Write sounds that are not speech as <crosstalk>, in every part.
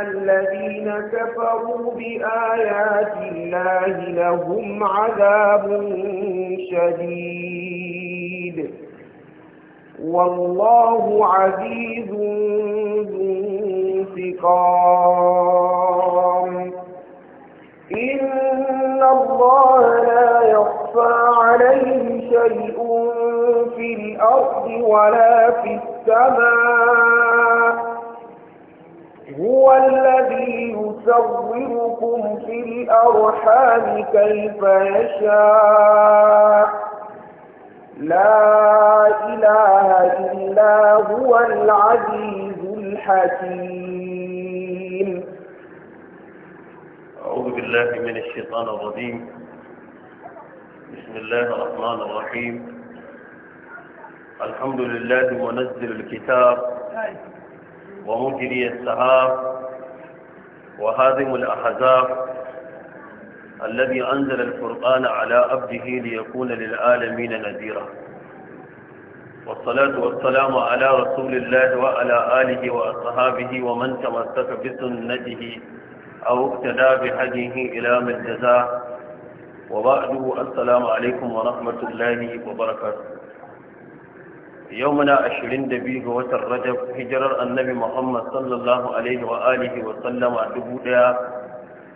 الذين كفروا بآيات الله لهم عذاب شديد والله عزيز ذو انتقام إن الله لا يخفى عليه شيء في الأرض ولا في السماء هو الذي يصوركم في الأرحام كيف يشاء لا إله إلا هو العزيز الحكيم أعوذ بالله من الشيطان الرجيم بسم الله الرحمن الرحيم الحمد لله منزل الكتاب ومجري السحاب وهازم الأحزاب الذي أنزل القرآن على أبده ليكون للعالمين نذيرا والصلاة والسلام على رسول الله وعلى آله وأصحابه ومن تمسك بسنته أو اقتدى بحجه إلى من جزاه وبعده السلام عليكم ورحمة الله وبركاته yau muna ashirin da biyu ga watan rajab hijirar annabi muhammad sallallahu alaihi wa alihi wa sallama dubu daya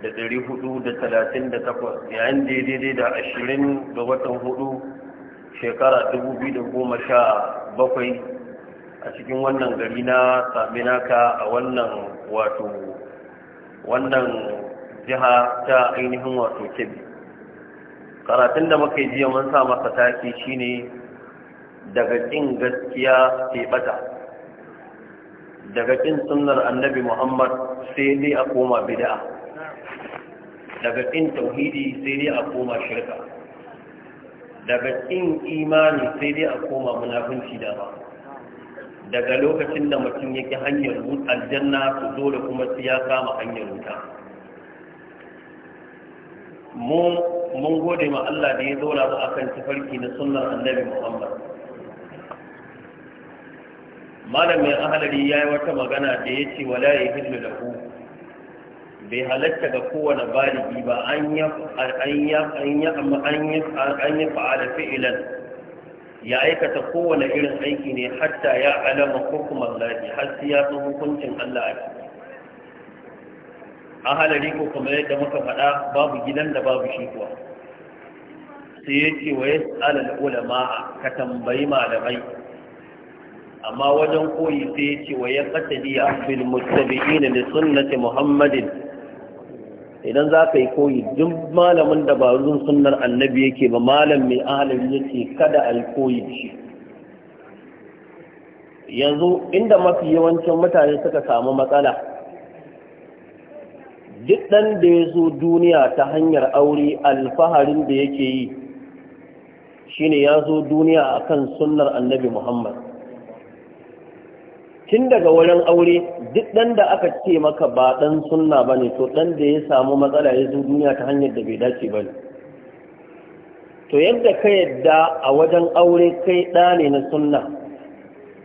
da dari hudu da talatin da takwas yayin daidai da ashirin ga watan hudu shekara dubu biyu da goma sha bakwai a cikin wannan gari na saminaka a wannan wato wannan jiha ta ainihin wato kebbi karatun da muka yi jiya mun sa masa taki shine daga cin gaskiya sai bata daga cin sunnar annabi muhammad sai dai a koma bid'a daga ƙin tauhidi sai dai a koma shirka daga cin imani sai dai a koma munafunci dama, daga lokacin da mutum yake hanyar aljanna su da kuma sai ya kama hanyar wuta mun gode ma Allah da ya zaura mu akan tafarki na sunnar annabi Muhammad malamin ahalari ya yi wata magana da ya ce wala ya hillu da ku bai halatta ga kowane baligi ba an yi fa'ala fi'ilan ya aikata kowane irin aiki ne hatta ya alama kuma lafi har sai ya san hukuncin Allah a ciki ahalari ko kuma yadda muka faɗa babu gidan da babu shi kuwa sai ya ce wa yas'al ulama ka tambayi malamai amma wajen koyi sai ya ce wa ya qatadiya bil muttabi'in da sunnati muhammadin idan za ka yi koyi duk malamin dabarun ba sunnar annabi yake ba malam mai ahalin yake kada a yi koyi shi yanzu inda mafi yawancin mutane suka samu matsala duk ɗan da ya zo duniya ta hanyar aure alfaharin da yake yi shine ya zo duniya akan sunnar annabi muhammad tun daga wurin aure duk ɗan da aka ce maka ba ɗan sunna ba ne to ɗan da ya samu matsala ya zo duniya ta hanyar da bai dace ba ne to yadda ka yadda a wajen aure kai ɗa ne na sunna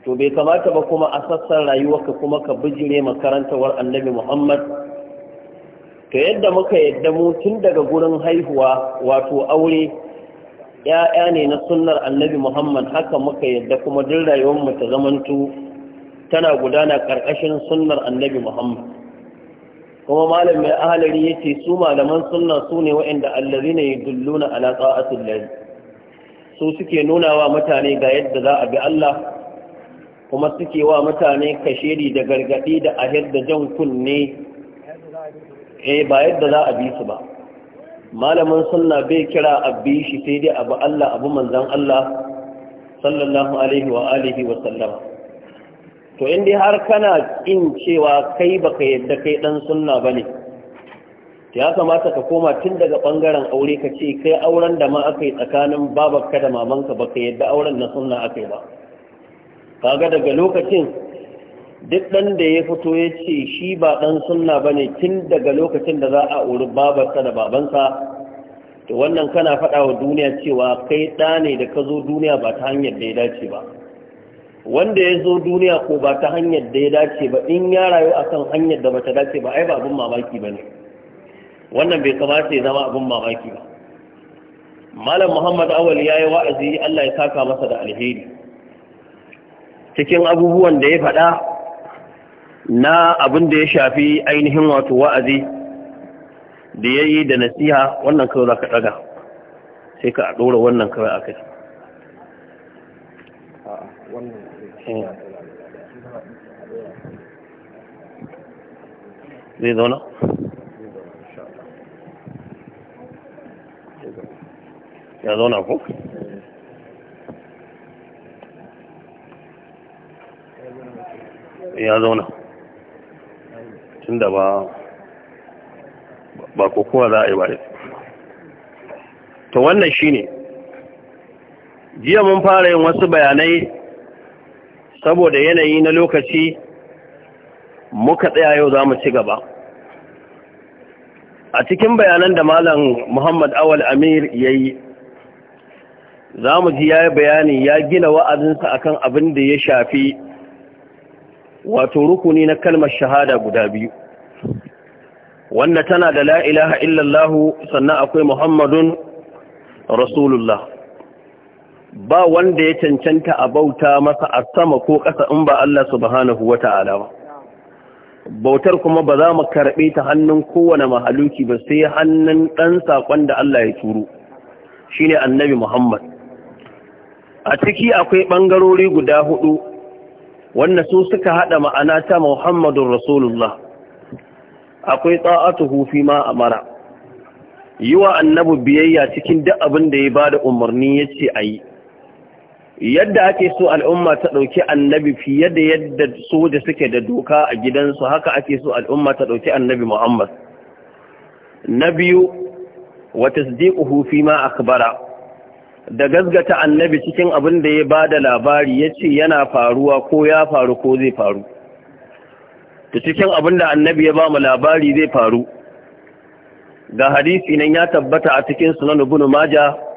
to bai kamata ba kuma a sassan rayuwarka kuma ka bijire makarantawar annabi muhammad to yadda muka yadda mu tun daga gurin haihuwa wato aure ‘ya'ya ne na sunnar annabi muhammad haka muka yadda kuma duk mu ta zamantu tana gudana ƙarƙashin sunnar annabi Muhammad kuma malam mai ahalari ce su malaman sunna su ne waɗanda allazina yadulluna ala ta'atil lahi su suke nuna wa mutane ga yadda za a bi Allah kuma suke wa mutane kashiri da gargaɗi da ahir da jan kunne eh ba yadda za a bi su ba malamin sunna bai kira a bi shi sai dai abu Allah abu manzon Allah sallallahu alaihi wa alihi wa sallama to in dai har kana in cewa kai baka yadda kai dan sunna bane to ya kamata ka koma tun daga bangaren aure ka ce kai auren da ma aka yi tsakanin babanka da mamanka baka yadda auren na sunna aka yi ba kaga daga lokacin duk ɗan da ya fito ya ce shi ba ɗan sunna ba ne tun daga lokacin da za a auri babarsa da babansa to wannan kana faɗa wa duniya cewa kai ɗa ne da ka zo duniya ba ta hanyar da ya dace ba wanda ya zo duniya ko ba ta hanyar da ya dace ba in ya rayu a kan hanyar da ba ta dace ba ai ba abin mamaki ba ne wannan bai kamata ya zama abin mamaki ba malam muhammad awal ya yi wa'azi allah ya saka masa da alheri cikin abubuwan da ya faɗa na abin da ya shafi ainihin wato wa'azi da ya yi da nasiha wannan kawai za ka ɗaga sai ka ɗora wannan kawai a kai Eh. zai zauna ya zauna ko ya zauna tun da ba ba kokowa za a yi ba to wannan shine jiya mun fara yin wasu bayanai saboda yanayi na lokaci muka tsaya yau za mu ci gaba a cikin bayanan da malam muhammad awal amir ya yi za mu ji ya yi bayani ya gina wa'azinsa akan abin da ya shafi wato rukuni na kalmar shahada guda biyu wanda tana da la'ilaha illallahu sannan akwai muhammadun rasulullah ba wanda ya cancanta a bauta masa a sama ko ƙasa in ba Allah subhanahu wa ta'ala ba bautar kuma ba za mu karɓe ta hannun kowane mahaluki ba sai hannun ɗan saƙon da Allah ya turu. shi ne annabi Muhammad a ciki akwai ɓangarori guda hudu wanda su suka haɗa ma'ana ta Muhammadun Rasulullah akwai tsa'atuhu fi ma amara yi wa Annabu biyayya cikin duk abin da ya ba da umarni ya ce a yi yadda ake so al'umma ta ɗauki annabi fiye da yadda soja suke da doka a gidansu haka ake so al'umma ta ɗauki annabi muhammad na biyu wa tasdiquhu fi ma akbara da gazgata annabi cikin abin da ya bada labari yace yana faruwa ko ya faru ko zai faru ta cikin abin da annabi ya ba mu labari zai faru ga hadisi nan ya tabbata a cikin sunan ibn majah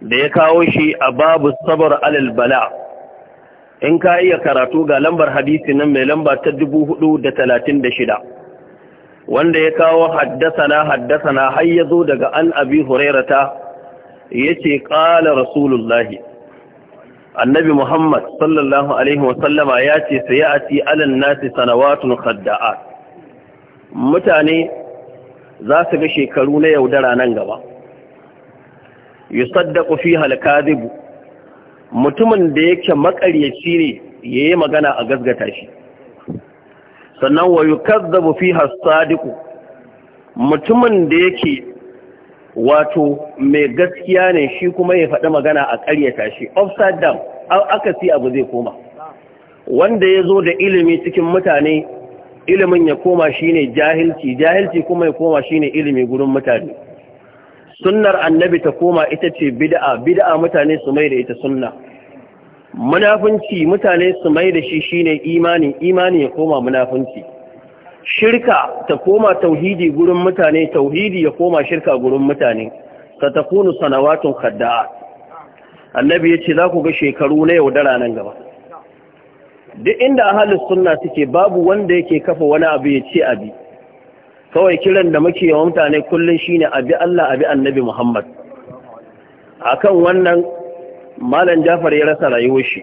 da ya kawo shi a babu sabar alal bala in ka iya karatu ga lambar hadisi nan mai lamba ta dubu hudu da da talatin shida. wanda ya kawo haddasana haddasana har ya zo daga an abi hurairata ya ce ƙala rasulullahi annabi muhammad sallallahu alaihi wasallama ya ce sai a ci alan nasi sanawatun khadda'a mutane za su ga shekaru na yaudara nan gaba yusaddaqu fiha al-kadhib mutumin da yake makaryaci ne yayi magana a gasgata shi sannan wa yukazzabu fiha as-sadiq mutumin da yake wato mai gaskiya ne shi kuma ya faɗi magana a ƙaryata shi upside aka akasi abu zai koma wanda ya zo da ilimi cikin mutane ilimin ya koma shine jahilci jahilci kuma ya koma shine ilimi gurin mutane sunnar annabi ta koma ita ce bid'a bid'a mutane su mai da ita sunna munafunci mutane su mai da shi shine imani imani ya koma munafunci shirka ta koma tauhidi gurin mutane tauhidi ya koma shirka gurin mutane kunu sanawatun khadda'a annabi yace za ku ga shekaru na yau yaudara nan gaba duk inda ahalin sunna suke babu wanda yake kafa wani abu ya ce abi kawai kiran da muke wa mutane kullum shine abi Allah abi annabi Muhammad akan wannan malam Jafar ya rasa rayuwar shi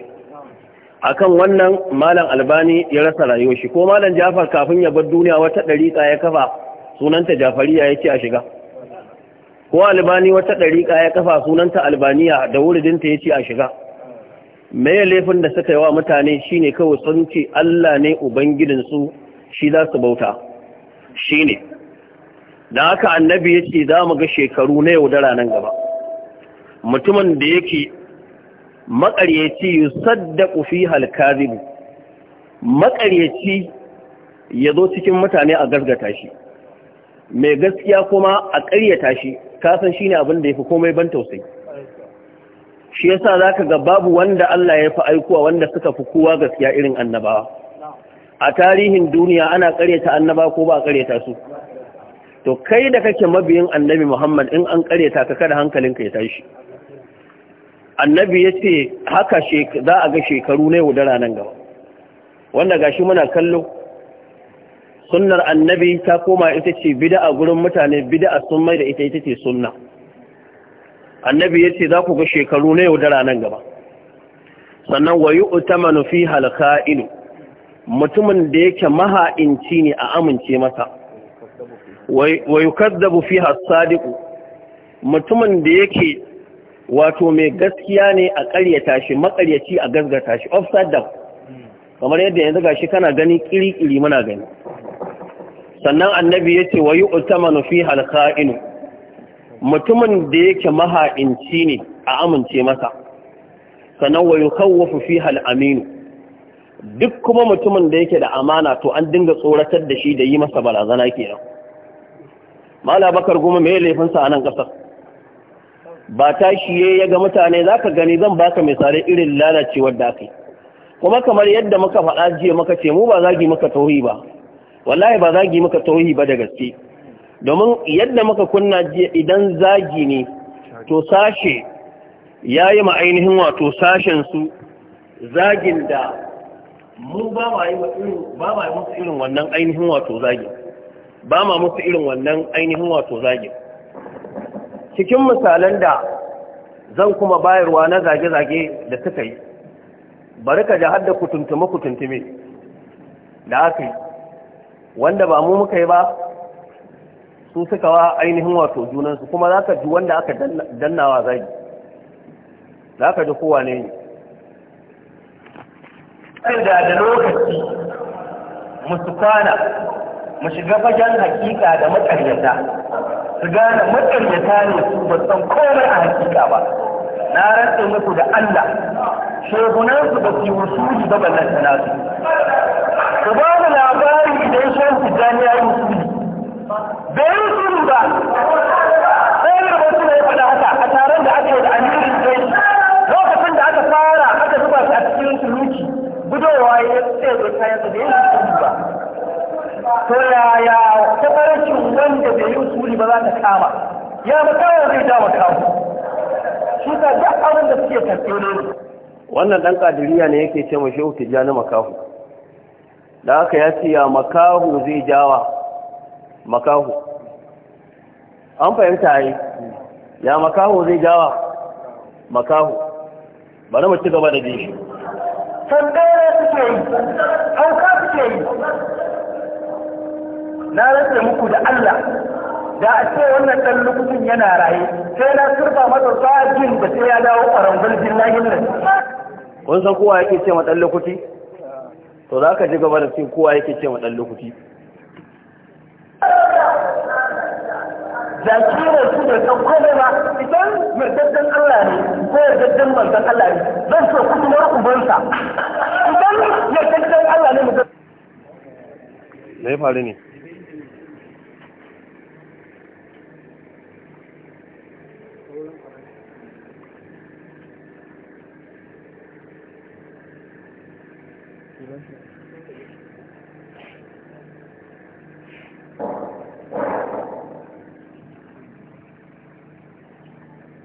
akan wannan malam Albani ya rasa rayuwar shi ko malam Jafar kafin ya bar duniya wata dariqa ya kafa sunanta Jafariya yake a shiga ko Albani wata dariqa ya kafa sunanta Albaniya da ya yace a shiga me laifin da suka yi wa mutane shine kawai sun ce Allah ne ubangidinsu shi za su bauta shine da haka annabi ya ce za mu ga shekaru na yau da ranar gaba mutumin da yake makaryaci yusaddaqu fi halkazib makaryaci ya zo cikin mutane a gargata shi mai gaskiya kuma a ƙaryata shi kasan shi ne abin da ya fi komai ban tausayi shi yasa za ka ga babu wanda Allah ya fi aikuwa wanda suka fi kowa gaskiya irin annabawa a tarihin duniya ana karyata annaba ko ba karyata su to kai da kake mabiyin annabi Muhammad in an karyata ka kada hankalinka ya tashi annabi ya ce haka za a ga shekaru na yau nan gaba wanda gashi muna kallo sunnar annabi ta koma ita ce bid'a gurin mutane bid'a sun mai da ita ita ce sunna annabi ya ce za ku ga shekaru na yau nan gaba sannan wayu utamanu fi halqa'il mutumin da yake maha'inci ne a amince masa wa yukaddabu fiha as mutumin da yake wato mai gaskiya ne a ƙaryata shi maƙaryaci a gasgata shi offside down kamar yadda yanzu gashi kana gani kiri-kiri muna gani sannan annabi yace wa yu'tamanu fiha al-kha'inu mutumin da yake maha'inci ne a amince masa sannan wa yukawwafu fiha al-aminu duk kuma mutumin da yake da amana to an dinga tsoratar da shi da yi masa barazana kenan mala bakar goma mai laifinsa a nan ƙasar ba ta shi ya ga mutane za ka gani zan baka misalai irin lalacewar da aka kuma kamar yadda muka faɗa jiya muka ce mu ba zagi muka tauhi ba wallahi ba zagi muka tauhi ba da gaske domin yadda muka kunna jiya idan zagi ne to sashe ya yi ma ainihin wato sashen su zagin da mu ba ma yi ba ma musu irin wannan ainihin wato zagi ba ma musu irin wannan ainihin wato zagi cikin misalan da zan kuma bayarwa na zage-zage da suka yi bari ka ji hadda kutuntume kutuntume da aka yi wanda ba mu muka yi ba su suka wa ainihin wato junansu kuma za ka ji wanda aka dannawa zagi za ka ji kowa ne da da lokaci mu su kwana mu shiga fagen hakika da makaryata su gane makaryata ne su ba san komai a hakika ba na rantse muku da Allah shehunansu ba su wusuli ba ta nasu su ba mu labari idan shan su gani ya yi wusuli bai wusuli ba gudowa ya tsaye da kayansa da yin usuli ba to yaya tafarkin wanda bai yi usuli ba za ta kama ya makawa zai ja makawa shi ka ga abin da suke tafiye ne wannan dan kadiriya ne yake ce mashi na makahu da haka ya ce ya makahu zai jawa makahu an fahimta yi ya makahu zai jawa makahu bari mu ci gaba da jin tambaya suke yi hauka suke yi na rasa muku da Allah da a ce wannan ɗan lukutun yana raye sai na turba masa sajin da sai ya dawo ƙwarangul billahi nan kun san kowa yake ce ma ɗan lukuti to za ka ji gaba da sai kowa yake ce ma ɗan lukuti. da kiran su da san komai ma idan yardajen Allah ne ko yardajen manzon Allah ne zan so kutumar ubansa idan yardajen Allah ne mutum me ya faru ne Thank you.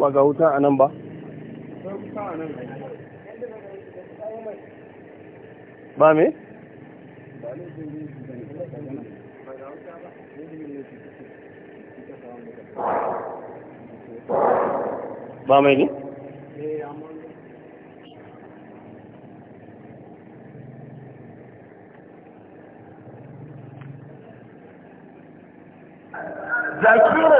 ba ga wuta a nan ba ba me? ba mai ne? zakira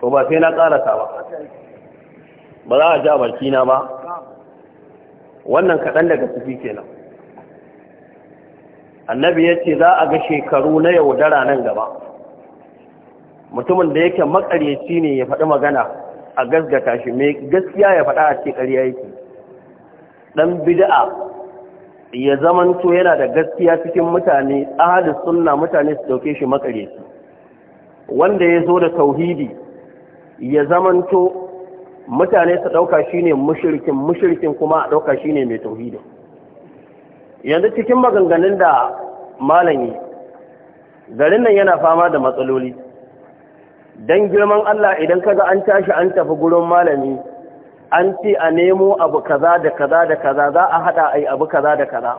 to ba sai na karasa ba ba za a ja bakina ba wannan kaɗan daga ciki kenan annabi ya ce za a ga shekaru na yaudara nan gaba mutumin da yake makaryaci ne ya faɗi magana a gasgata shi mai gaskiya ya faɗa a ce ƙarya yake ɗan bida'a ya zamanto yana da gaskiya cikin mutane ahadis sunna mutane su ɗauke shi makaryaci wanda ya zo da tauhidi ya zamanto mutane su ɗauka shine mushirkin mushirkin kuma a ɗauka shine mai tauhidin yanzu cikin maganganun da malami garin nan yana fama da matsaloli don girman Allah idan kaga an tashi an tafi gurin malami an ce a nemo abu kaza da kaza da kaza za a hada yi abu kaza da kaza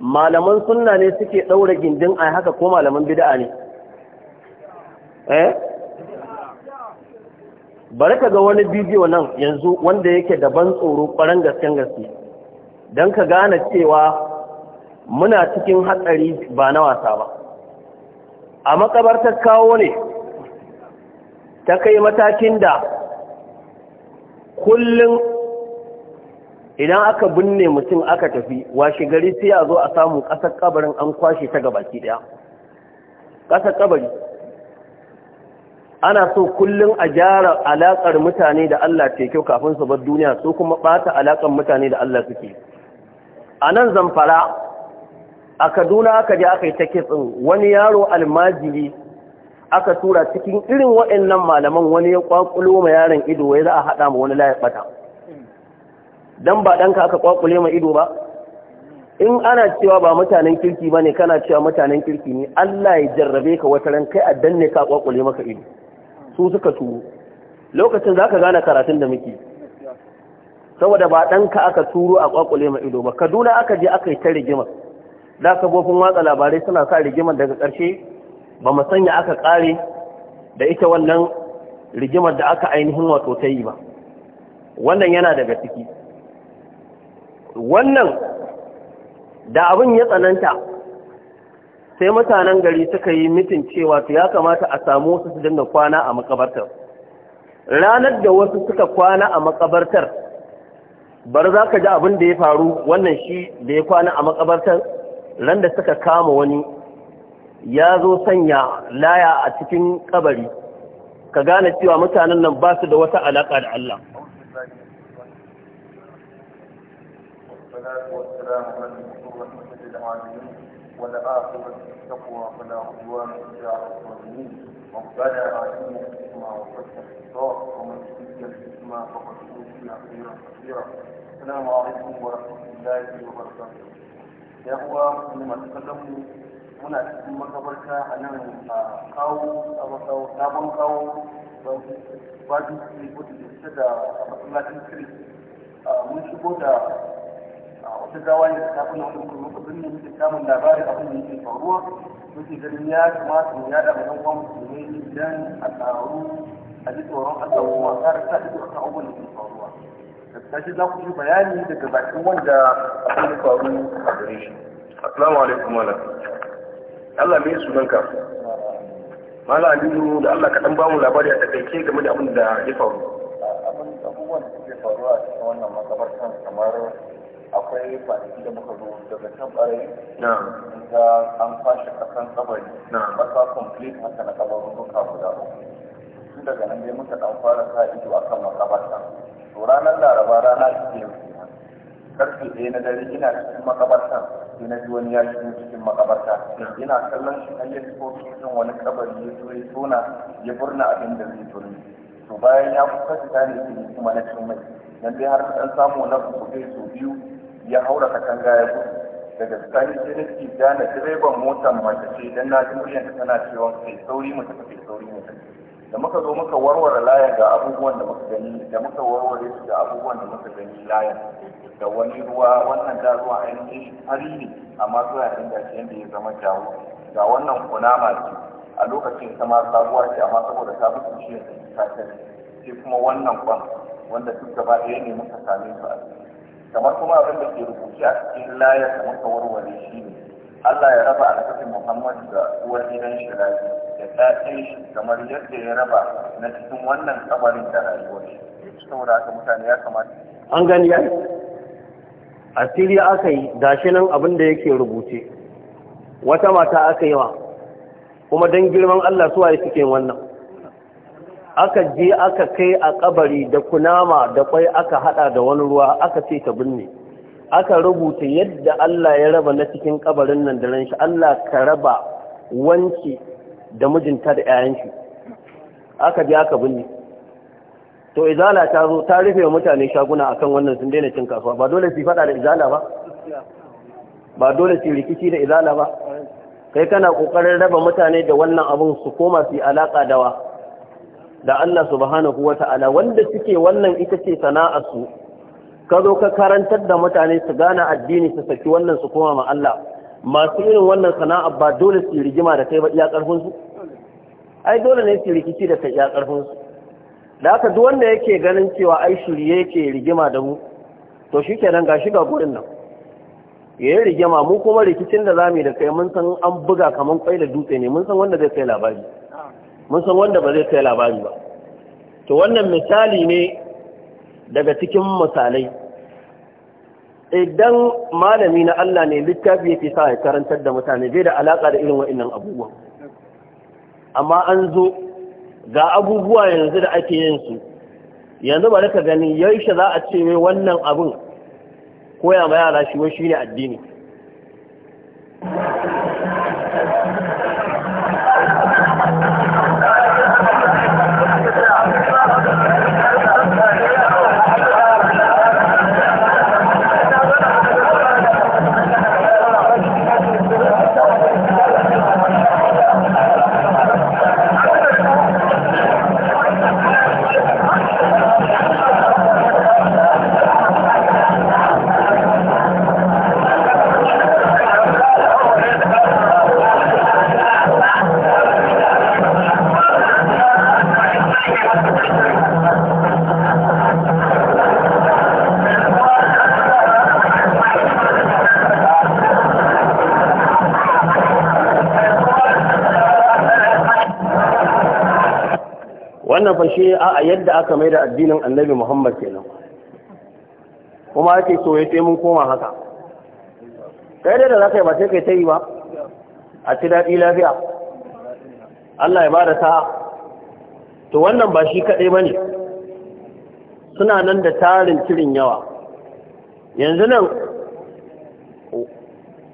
malaman sunna ne suke ɗaura gindin ayi haka ko malaman bid'a ne eh bari ka ga wani bidiyo nan yanzu wanda yake da ban tsoro kwaran gasken gaske don ka gane cewa muna cikin hatsari ba na wasa ba a makabartar kawo ne ta kai matakin da kullum idan aka binne mutum aka tafi washe gari sai a zo a samu ƙasar kabarin an kwashe ta gabaki ɗaya ƙasar kabari ana so kullum a gyara alaƙar mutane da Allah ce kyau kafin su bar duniya su kuma ɓata alaƙar mutane da Allah suke a nan zamfara a kaduna aka je aka yi ta kitsin wani yaro almajiri aka tura cikin irin waɗannan malaman wani ya kwakulo ma yaron ido ya za a haɗa ma wani layar ɓata don ba ɗanka aka kwakule ma ido ba in ana cewa ba mutanen kirki ba ne kana cewa mutanen kirki ne Allah ya jarrabe ka wata ran kai a danne ka kwakule maka ido su suka tuwo lokacin za ka gane karatun da muke saboda ba ɗanka aka turo a ƙwaƙule mai ido ba kaduna aka je aka yi ta rigima da gofin watsa labarai suna sa rigimar daga ƙarshe ba mu sanya aka ƙare da ita wannan rigimar da aka ainihin wato ta yi ba wannan yana daga ciki wannan da abin ya tsananta sai mutanen gari suka yi mitin cewa to ya kamata a samu wasu su dinga kwana a makabartar ranar da wasu suka kwana a makabartar bar za ka ji abin da ya faru wannan shi da ya kwana a makabartar ran da suka kama wani ya zo sanya laya a cikin kabari ka gane cewa mutanen nan ba su da wata alaƙa da Allah والعاقبة للتقوى فلا عدوان إلا على الظالمين ربنا آتنا الحكمة وحسن الخطاب ومن يؤتي الحكمة فقد أوتي خيرا كثيرا السلام عليكم ورحمة الله وبركاته يا أخوة لما تكلموا muna cikin makabarta a nan a kawo a makawo sabon kawo ba su da da masallacin kiri mun shigo da wata gawaye da ta kuna wani kuma kudin ne muke samun labarin abin da yake faruwa muke ganin ya kamata mu yada ma ɗan musulmai idan a tsararru a ji tsoron Allah kuma a ƙara sa a akan abin da ke faruwa. Da shi za ku yi bayani daga bakin wanda abin da faru a gare shi. Assalamu alaikum malam. Allah me sunanka? Malam Aliyu da Allah ka dan bamu labari a takaice game da abin da ya faru. Abin abubuwan da suke faruwa a cikin wannan makabartan kamar akwai kwanaki da muka zo daga can ɓarayi ga an kwashe ƙasan na ƙasa complete haka na kabarin duka guda uku tun daga nan dai muka dan fara sa ido akan makabarta to ranar laraba rana ke yau karfe ɗaya na dare ina cikin makabarta sai na ji wani ya shigo cikin makabarta ina kallon shi har ya ko cikin wani kabari ya zo ya tona ya burna abin da zai burne to bayan ya kusa fita ne kuma na cin mai dan dai har ɗan samu na kuɗe sau biyu ya haura katanga ya gudu daga tsakani sai na direban motar mace ce don na ji muryar tana cewa kai sauri mu tafi sauri mu tafi da muka zo muka warware layan ga abubuwan da muka gani da muka warware su da abubuwan da muka gani layan da wani ruwa wannan da ruwa ainihin fari ne amma zuwa yin da shi yadda ya zama jawo ga wannan kunama ce a lokacin ta ma sabuwa ce amma saboda ta fi kushe ta sai kuma wannan kwan wanda duk gaba ɗaya ne muka same su a ciki kamar kuma abin da ke rubuce a cikin laya kamar ka warware shi ne Allah ya raba alkafin Muhammad da uwar gidan shi da ta'in shi kamar yadda ya raba na cikin wannan kabarin da rayuwar shi saboda haka mutane ya kamata an gani ya asiri aka yi gashi nan abin da yake rubuce wata mata aka yi wa kuma don girman Allah suwaye suke wannan aka je aka kai a kabari da kunama da kwai aka hada da wani ruwa aka ce ta binne aka rubuta yadda Allah ya raba na cikin kabarin nan da ran shi Allah ka raba wanki da mijinta da ƴaƴan shi aka je aka binne to izala ta zo ta rufe mutane shaguna akan wannan sun daina cin kasuwa ba dole su fada da izala ba ba dole su rikici da izala ba kai kana kokarin raba mutane da wannan abun su koma su yi alaka da wa da Allah subhanahu wata'ala wanda suke wannan ita ce sana'arsu ka zo ka karantar da mutane su gane addini su saki wannan su koma ma Allah masu irin wannan sana'a ba dole su rigima da kai ba iya karfin ai dole ne su rikici da kai iya karfin da aka duk wanda yake ganin cewa ai shirye yake rigima da mu to shi shikenan ga shiga gurin nan ya yi rigima mu kuma rikicin da za mu yi da kai mun san an buga kamar kwai da dutse ne mun san wanda zai kai labari mun san wanda ba zai kai labari ba to wannan misali ne daga cikin misalai idan malami na Allah ne littafi yake sa ya karantar da mutane bai da alaka da irin wa'annan abubuwa amma an zo ga abubuwa yanzu da ake yin su yanzu ba ka gani yaushe za a ce mai wannan abin koya ma yara shi wai shine addini magana a yadda aka mai da addinin annabi muhammad kenan kuma ake so ya mun koma haka kai da za ka yi ba sai kai ta yi ba a ci daɗi lafiya Allah ya ba da sa'a to wannan ba shi kaɗai ba ne suna nan da tarin cirin yawa yanzu nan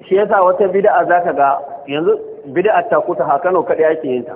shi yasa wata bida'a za ka ga yanzu bida'a ta kuta hakano kaɗai ake yin ta?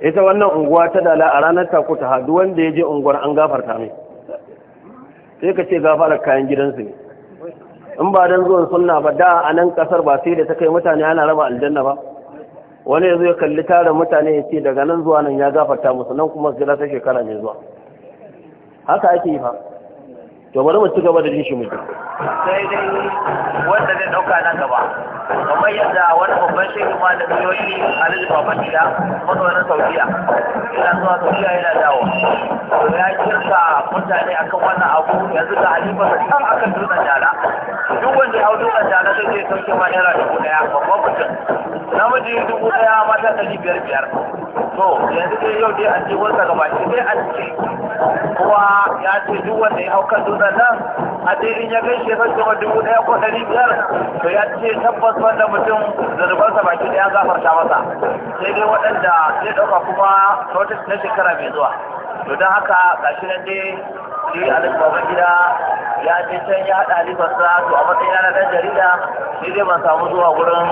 ita wannan unguwa ta dala a ranar ta kuta hadu wanda ya je unguwar an gafarta mai sai ka ce gafarar kayan gidansu ne in ba don zuwan suna ba da a nan kasar ba sai da ta kai mutane ana raba aljanna ba wani ya zo ya kalli tarin mutane ya ce daga nan zuwa nan ya gafarta musu nan kuma su ta shekara mai zuwa haka ake yi fa to bari mu ci gaba da jin shi mutum sai dai wanda zai dauka nan gaba kamar yadda wani babban da malami yoyi alil babban gida mazaunin saudiya yana zuwa saudiya yana dawo to ya kirka mutane akan wannan abu yanzu da halifa da kan akan dutsen jala duk wanda ya hau dutsen jala zai je sauke ma naira dubu daya babban mutum namiji dubu daya mata ɗari biyar biyar to yanzu dai yau dai an ce wanda gaba shi dai an ce kowa ya ce duk wanda ya hau kan dutsen sannan a in ya gaishe shekar dubu ɗaya ko ɗari biyar to ya ce tabbas wanda mutum zarubarsa baki ɗaya gafarta masa sai dai waɗanda zai ɗauka kuma na shekara mai zuwa to don haka gashi nan dai shi alif gida ya ce can ya haɗa alifarsa, to a matsayin na ɗan jarida shi dai ban samu zuwa wurin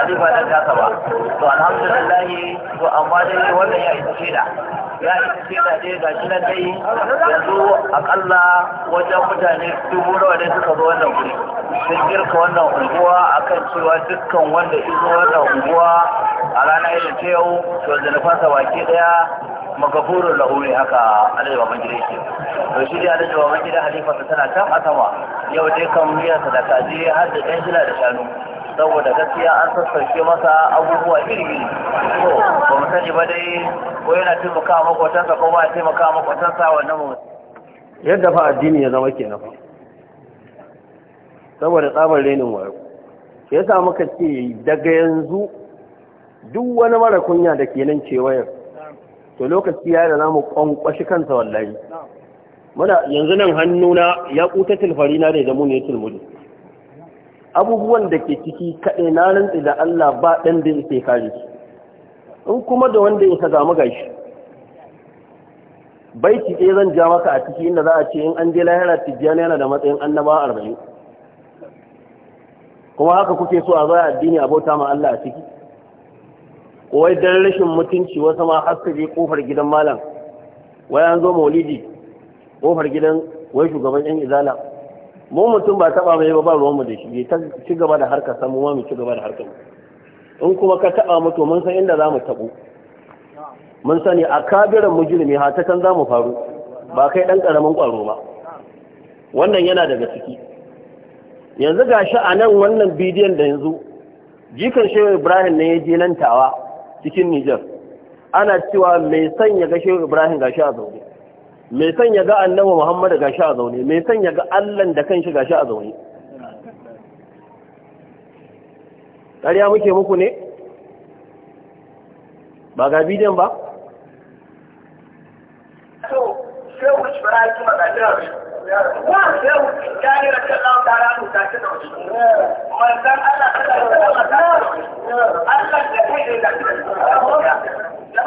alifa ɗan kasa ba to alhamdulillah to amma dai wannan ya isa shaida ya isa shaida dai ga shi nan dai yanzu akalla wajen mutane dubu nawa ne suka zo wannan wuri sun girka wannan unguwa akan cewa dukkan wanda izo wannan unguwa a rana irin ta yau to zanufansa baki ɗaya magafurun lahu ne haka alai baban gida yake to shi da alai baban gida halifa ta tana can a sama yau dai kan miya sadaka je har da ɗan shila da shanu saboda gaskiya an sassauke masa abubuwa iri-iri to ba mu sani ba dai ko yana taimaka makwatansa ko ba ya taimaka makwatansa wannan mu yadda fa addini ya zama kenan fa saboda tsabar renin wayo ya sa muka ce daga yanzu duk wani mara kunya da ke nan cewayar to lokaci ya da mu kwankwashi kansa wallahi muna yanzu nan hannuna ya kuta tilfari na da zamu ne tilmudu abubuwan da ke ciki kaɗai na rantsi da Allah ba ɗan da ya kare in kuma da wanda ya saga mu gashi baiti ɗaya zan ja maka a ciki inda za a ce in an je lahira tijjani yana da matsayin annaba arba'in kuma haka kuke so a zo addini abota ma Allah a ciki kowai dan rashin mutunci wasu ma har su je kofar gidan malam wai an zo maulidi kofar gidan wai shugaban yan izala mu mutum ba taba mai ba ba ruwan mu da shi ta ci gaba da harkar samu ma mu ci gaba da harkar in kuma ka taba mu to mun san inda zamu tabo mun sani a kabiran mujrimi ha ta kan zamu faru ba kai dan karamin kwaro ba wannan yana daga ciki yanzu gashi a nan wannan bidiyon da yanzu jikan shehu ibrahim ne ya je nan tawa cikin Nijar ana cewa mai son ya ga Shehu Ibrahim gashi a zaune mai son ya ga Annabi ga gashi a zaune mai son ya ga Allah da kanshi gashi a zaune ƙarya muke muku ne ba ga bidiyon ba to Shehu Ibrahim a ga Allah ta da ta Allah kai da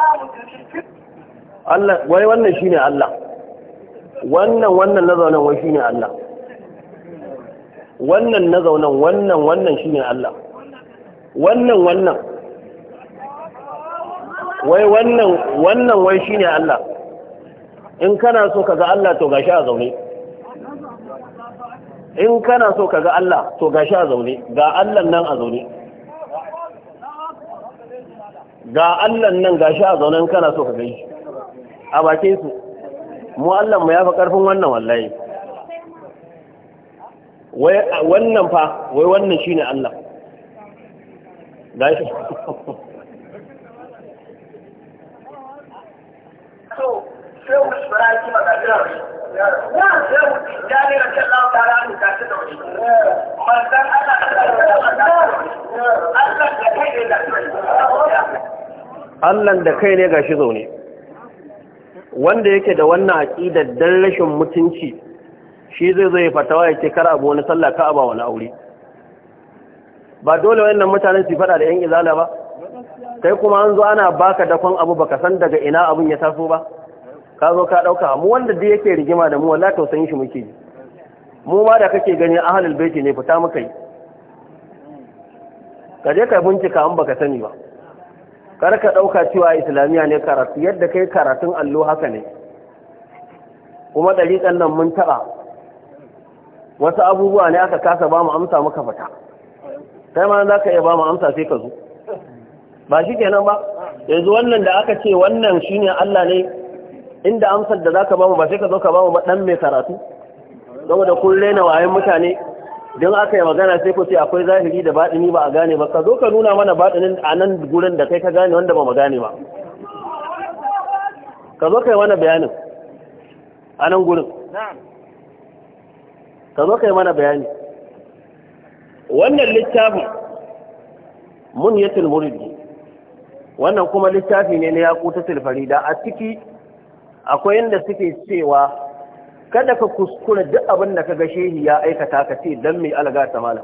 wai wannan shine Allah wannan wannan na zaunan wai shine Allah wannan na zaunan wannan wannan shine Allah wannan wannan wai wannan wannan wai shine Allah in kana so ka ga Allah to gashi a zaune in kana so ka ga Allah to ga shi a zaune ga Allah nan a zaune ga Allah nan ga shi a zaune in kana so ka ga shi a bakin su mu Allah mu yafi karfin wannan wallahi wai wannan fa wai wannan shine Allah gashi so sai mu tsara ki magana jari da Allah da kai ne da Allah zaune wanda yake da wannan aqidar don rashin mutunci shi zai zai fatawa ya ce kar abu wani sallah ka aba wani aure ba dole wannan mutanen su fada da yan izala ba kai kuma an zo ana baka dakon abu baka san daga ina abin ya taso ba ka zo ka ɗauka mu wanda da yake rigima da mu wala tausayin shi muke mu ma da kake gani ahlul baiti ne fita muka yi ka je ka bincika an baka sani ba kar ka ɗauka cewa islamiyya ne karatu yadda kai karatun allo haka ne kuma ɗariƙan nan mun taɓa wasu abubuwa ne aka kasa ba mu amsa muka fita kai ma za ka iya ba mu amsa sai ka zo ba shi kenan ba yanzu wannan da aka ce wannan shine Allah ne inda amsar da za ka ba ba sai ka zo ka ba mu dan mai karatu saboda kun rena wayan mutane don aka yi magana sai ku ce akwai zahiri da baɗini ba a gane ba ka zo ka nuna mana baɗinin a nan gurin da kai ka gane wanda ba mu gane ba ka zo ka yi mana bayanin a nan gurin ka zo ka yi mana bayani wannan littafi mun yi muridi wannan kuma littafi ne na yaƙu ta da a ciki akwai yadda suke cewa kada ka kuskura duk abin da ka ga shehi ya aikata ka ce dan mai alga ta malam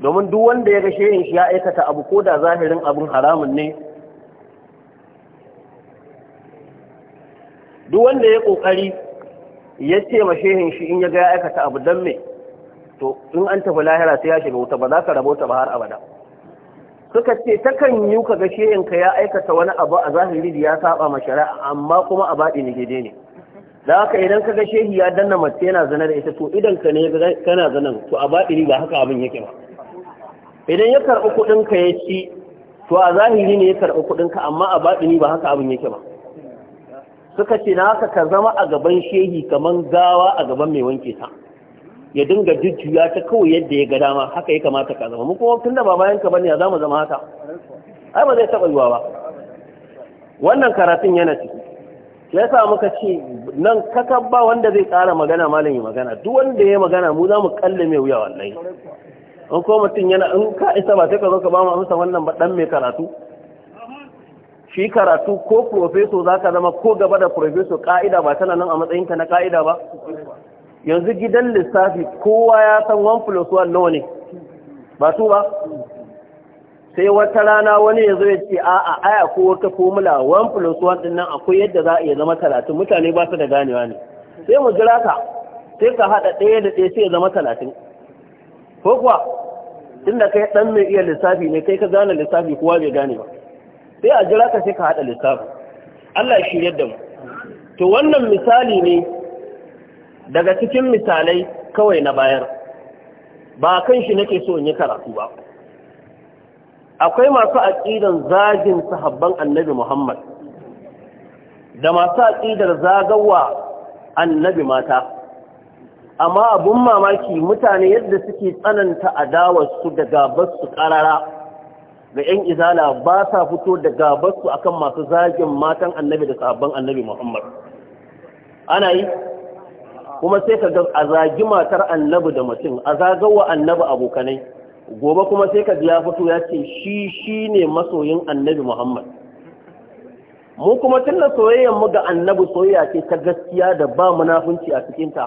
domin duk wanda ya ga shehin shi ya aikata abu ko da zahirin abin haramun ne duk wanda ya kokari ya ce ma shehin shi in ya ga ya aikata abu dan mai to in an tafi lahira sai ya shiga wuta ba za ka rabota ba har abada suka ce takan yi ka ga shehinka ya aikata wani abu a zahiri da ya saba ma shari'a amma kuma a baɗi ne daidai ne da haka idan ka ga shehi ya danna mace yana zana da ita to idan ka ne kana zanan to a baɗi ba haka abin yake ba idan ya karɓi kuɗin ka ya ci to a zahiri ne ya karɓi kuɗin ka amma a baɗi ba haka abin yake ba suka ce na haka ka zama a gaban shehi kamar gawa a gaban mai wanke ta ya dinga jujjuya ta kawai yadda ya ga dama haka ya kamata ka zama mu kuma tun da ba bayan ka bane ya zama haka ai ba zai taba yiwa ba wannan karatun yana ciki shi samu muka ce nan kaka ba wanda zai ƙara magana malami magana duk wanda ya magana mu za mu kalle mai wuya wallahi in kuma mutum yana in ka isa ba sai ka zo ka ba mu amsa wannan ba dan mai karatu shi karatu ko profeso za ka zama ko gaba da profeso ka'ida ba tana nan a matsayinka na ka'ida ba yanzu gidan lissafi kowa ya san 1 plus 1 nawa ne ba su ba sai wata rana wani ya zo ya ce a aya ko wata formula 1 plus 1 din nan akwai yadda za a iya zama talatin mutane ba su da ganewa ne sai mu jira ka sai ka haɗa ɗaya da ɗaya sai ya zama talatin ko kuwa tunda kai ɗan mai iya lissafi ne kai ka gane lissafi kowa bai gane ba sai a jira ka sai ka haɗa lissafi Allah shi yadda mu to wannan misali ne daga cikin misalai kawai na bayar ba kan shi nake so in yi karatu ba akwai masu aƙidar zagin sahabban annabi Muhammad da masu aƙidar zagawa annabi mata amma abun mamaki mutane yadda suke tsananta su da gabarsu ƙarara ga ‘yan izala ba sa fito da gabarsu akan masu zagin matan annabi da sahabban annabi Muhammad. Ana yi, kuma sai ka ga a zagi matar annabi da mutum a zagawa annabi abokanai gobe kuma sai ka ya fito ya ce shi shi ne masoyin annabi muhammad mu kuma tunda soyayyar mu ga annabi soyayya ce ta gaskiya da ba munafunci a cikinta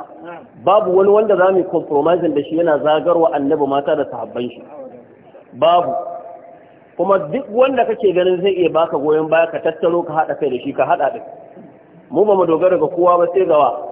babu wani wanda za mu compromising da shi yana zagarwa annabi mata da sahabban shi babu kuma duk wanda kake ganin zai iya baka goyon baya ka tattaro ka haɗa kai da shi ka haɗa da mu ba mu dogara ga kowa ba sai gawa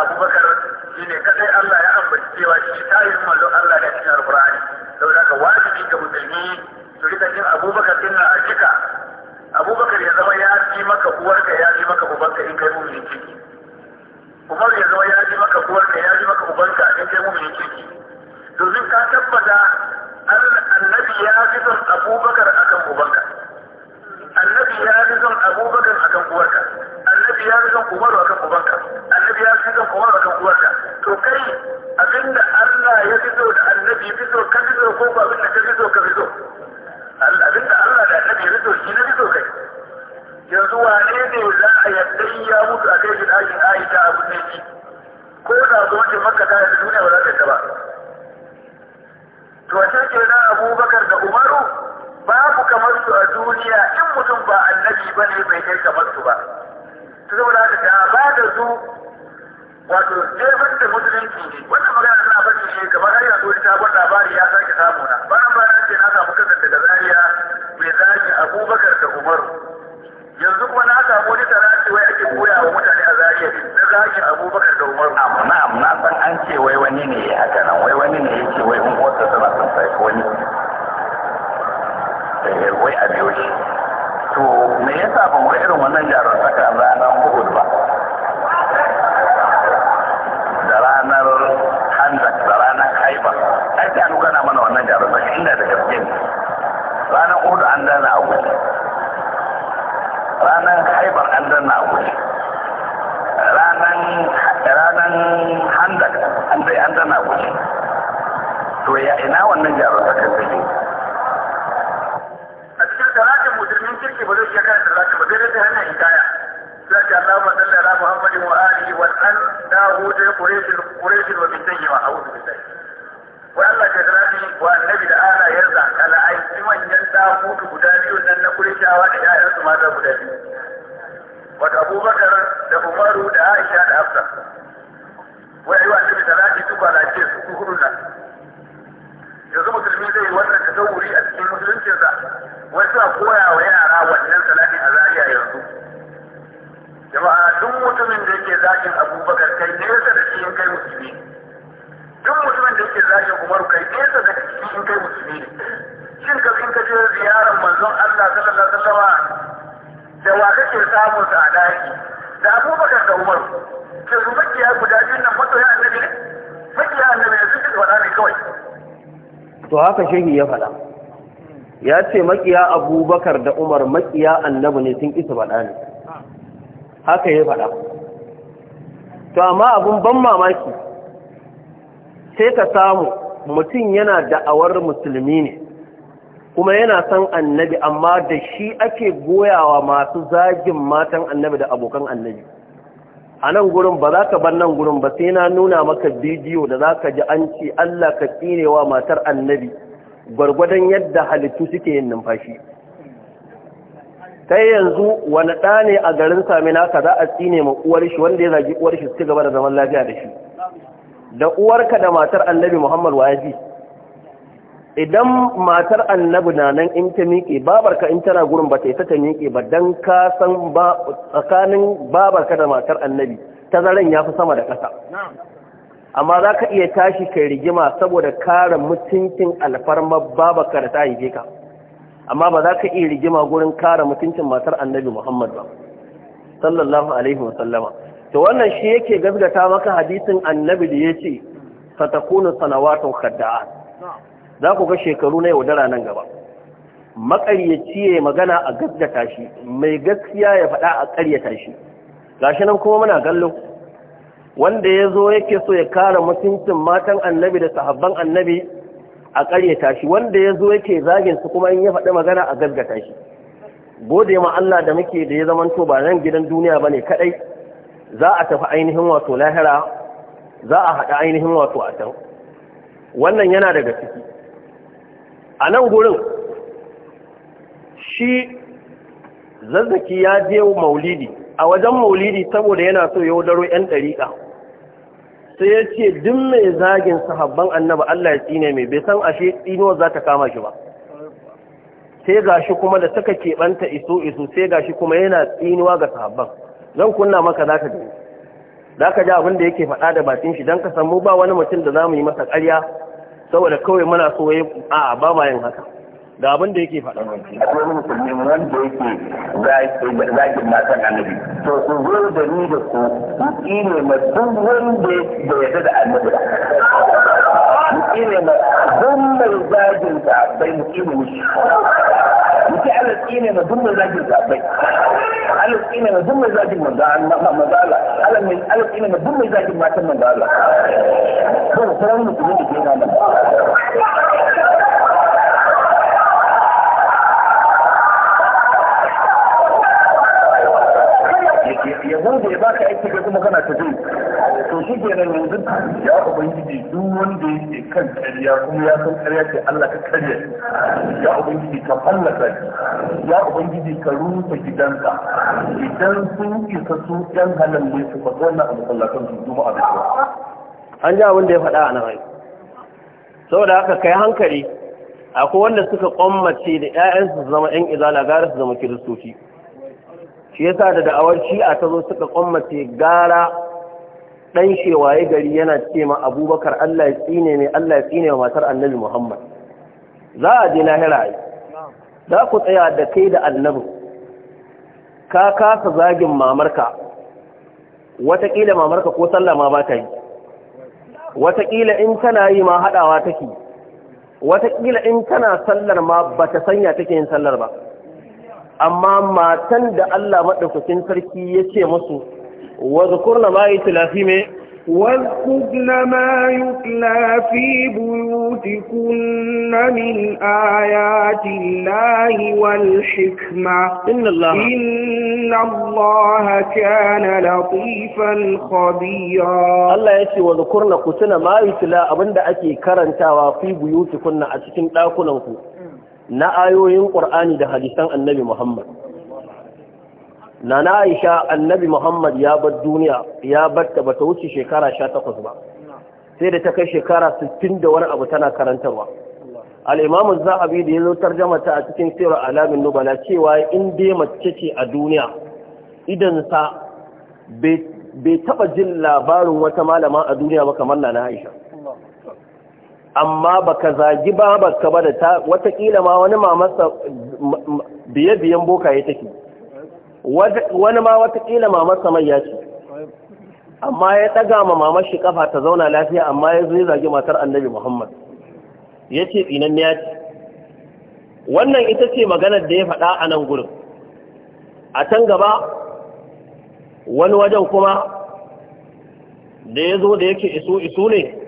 abubakar shi ne kadai Allah ya ambaci cewa shi ta yi malo zagin abubakar kai nesa da cikin kai musulmi duk mutumin da yake zagin umaru kai nesa da cikin kai musulmi ne shin ka sun kaje ziyarar manzon Allah sallallahu alaihi wasallam da wa kake samun sa a daki da abubakar da umaru ke su makiya guda biyu nan ya annabi ne ya annabi ne suke faɗa ne kawai to haka shehi ya faɗa ya ce makiya abubakar da umar makiya annabi ne sun isa faɗa ne haka ya faɗa to amma abun ban mamaki sai ka samu mutum yana da'awar musulmi ne kuma yana san annabi amma da shi ake goyawa masu zagin matan annabi da abokan annabi a nan gurin ba za ka ban nan gurin ba sai na nuna maka bidiyo da za ka ji an ce Allah ka tsinewa matar annabi gwargwadon yadda halittu suke yin numfashi ta yanzu wani ɗa ne a garin samina ka za a tsine ma uwar shi wanda ya zagi uwar shi suka gaba da zaman lafiya da shi da uwarka da matar annabi muhammad waji idan matar annabi na nan in ta miƙe babarka in tana gurin ba ta ita ta miƙe ba don ka san tsakanin babarka da matar annabi tazaren ya fi sama da ƙasa amma za ka iya tashi kai rigima saboda kare mutuncin alfarmar babarka da ta haife ka amma ba za ka iya rigima gurin kare mutuncin matar annabi Muhammad ba sallallahu alaihi wa sallama to wannan shi yake gaskata maka hadisin annabi da yace fatakunu sanawatun khadda'a za ku ga shekaru na yaudara nan gaba maƙaryaci ya magana a gaskata shi mai gaskiya ya faɗa a ƙaryata shi gashi nan kuma muna gallo wanda ya zo yake so ya kare mutuncin matan annabi da sahabban annabi a ƙaryata shi wanda ya zo yake zagin su kuma in ya faɗi magana a gaggata shi gode ma Allah da muke da ya zamanto ba nan gidan duniya bane kaɗai za a tafi ainihin wato lahira za a haɗa ainihin wato a can wannan yana daga ciki a nan gurin shi zazzaki ya je maulidi a wajen maulidi saboda yana so yaudaro daro 'yan ɗariƙa sai ya ce duk mai zagin sahabban annaba Allah ya tsine mai bai san ashe tsinuwa za ta kama shi ba sai gashi kuma da suka keɓanta iso iso sai gashi kuma yana tsinuwa ga sahabban zan kunna maka za ka gani za ka ji abin da yake faɗa da bakin shi don ka san mu ba wani mutum da za mu yi masa ƙarya saboda kawai muna so a'a ba ma yin haka ga abin da yake faɗa. Akwai wani musulmi wanda yake zakin matan annabi. To su zo da ni da ku muki ne ma duk wanda da yadda da annabi ba. Muki ne ma duk mai zagin sa bai muki ne mushi. Muki alaƙi ne ma duk mai zagin sa bai. Alaƙi ne ma duk mai zagin manzo Allah. Alaƙi ne ma duk mai zagin matan manzo Allah. Kuma sauran musulmi da ke nan. ya gobe ya ka aiki ga kuma kana tafi to shi ke nan yanzu ya ubangiji duk wanda ya ke kan karya kuma ya san karya ce Allah ka karya ya ubangiji ka fallasa ya ubangiji ka rusa gidansa idan sun isa su yan halin mai su faɗi wannan abu sallatan su a da an ji abin da ya faɗa a nan ai saboda haka kai hankali akwai wanda suka kwammace da 'ya'yansu su zama 'yan izala gara su zama kiristoci shi yasa da da'awar shi'a ta zo suka kwammace gara ɗan shewaye gari yana ce ma abubakar allah ya tsine mai allah ya tsine wa matar annabi muhammad za a je lahira yi za ku tsaya da kai da annabi ka kasa zagin mamarka watakila mamarka ko ma ba ta yi watakila in tana yi ma haɗawa take watakila in tana sallar ma ba ta sanya take yin sallar ba amma matan da Allah maɗaukakin sarki ya ce musu wa zukurna ma yi tilafi mai واذكرن ما يتلى في بيوتكن من آيات الله والحكمة إن الله, إن الله كان لطيفا خبيرا الله يتي واذكرن قتنا ما يتلى أبند أكي كرنتا في بيوتكن أتكن آكننكو na ayoyin ƙur'ani da hadisan annabi Muhammad. Na na Aisha annabi Muhammad ya bar duniya ya batta ba ta wuce shekara sha takwas ba, sai da ta kai shekara sittin da wani abu tana karantarwa. Al'imamu bi da ya zo tarjama ta a cikin sirar alamin nubala cewa in dai mace ce a duniya idansa bai taɓa jin labarin wata malama a duniya ba kamar na na Aisha. amma baka zagi ba baka ba da ta watakila ma wani mamarsa biye-biyen ya take wani ma watakila mamarsa mai ya ce amma ya ɗaga ma mamar shi kafa ta zauna lafiya amma ya zai zagi matar annabi muhammad ya ce tsinan ya ce wannan ita ce maganar da ya faɗa a nan gurin a can gaba wani wajen kuma da ya zo da yake iso iso ne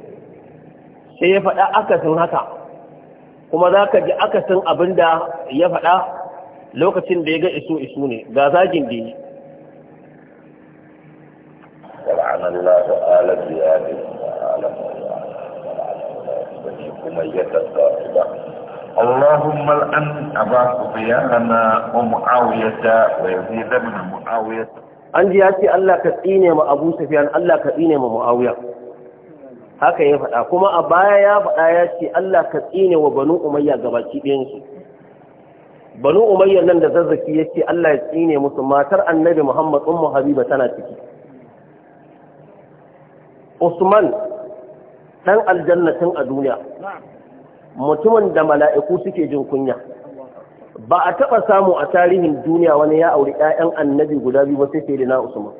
sai ya faɗa akasin haka kuma za ka ji akasin abin da ya faɗa lokacin da ya ga iso iso ne ga zagin da yi اللهم الان ابا سفيان ومعاويه ويزيد بن معاويه an ji ya ce Allah ka tsine ma Abu Sufyan Allah ka tsine ma Muawiya haka ya faɗa kuma a baya ya faɗa ya ce Allah ka tsine wa banu umayya gabaki ɗayansu banu umayya nan da zazzaki ya ce Allah ya tsine musu matar annabi Muhammad ummu Habiba tana ciki Usman dan aljannatin a duniya mutumin da mala'iku suke jin kunya ba a taɓa samu a tarihin duniya wani ya auri 'ya'yan annabi guda biyu ba sai sai na Usman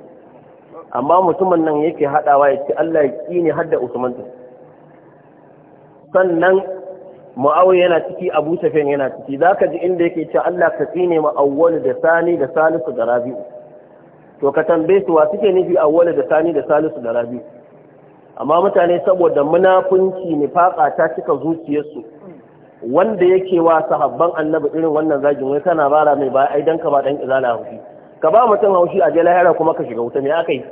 amma mutumin nan yake haɗawa ya ce Allah ya ƙi hadda Usman ta sannan Mu'awiya yana ciki Abu Sufyan yana ciki zaka ji inda yake ce Allah ka ƙi ne da sani da salisu da rabi'u to ka tambaye su wa suke nufi awwal da sani da salisu da rabi'u amma mutane saboda munafunci ne faƙa ta cika zuciyarsu wanda yake wa sahabban annabi irin wannan zagin wai kana bara mai ba ai dan ka ba dan izala hufi ka ba mutum haushi a je lahira kuma ka shiga wuta me aka yi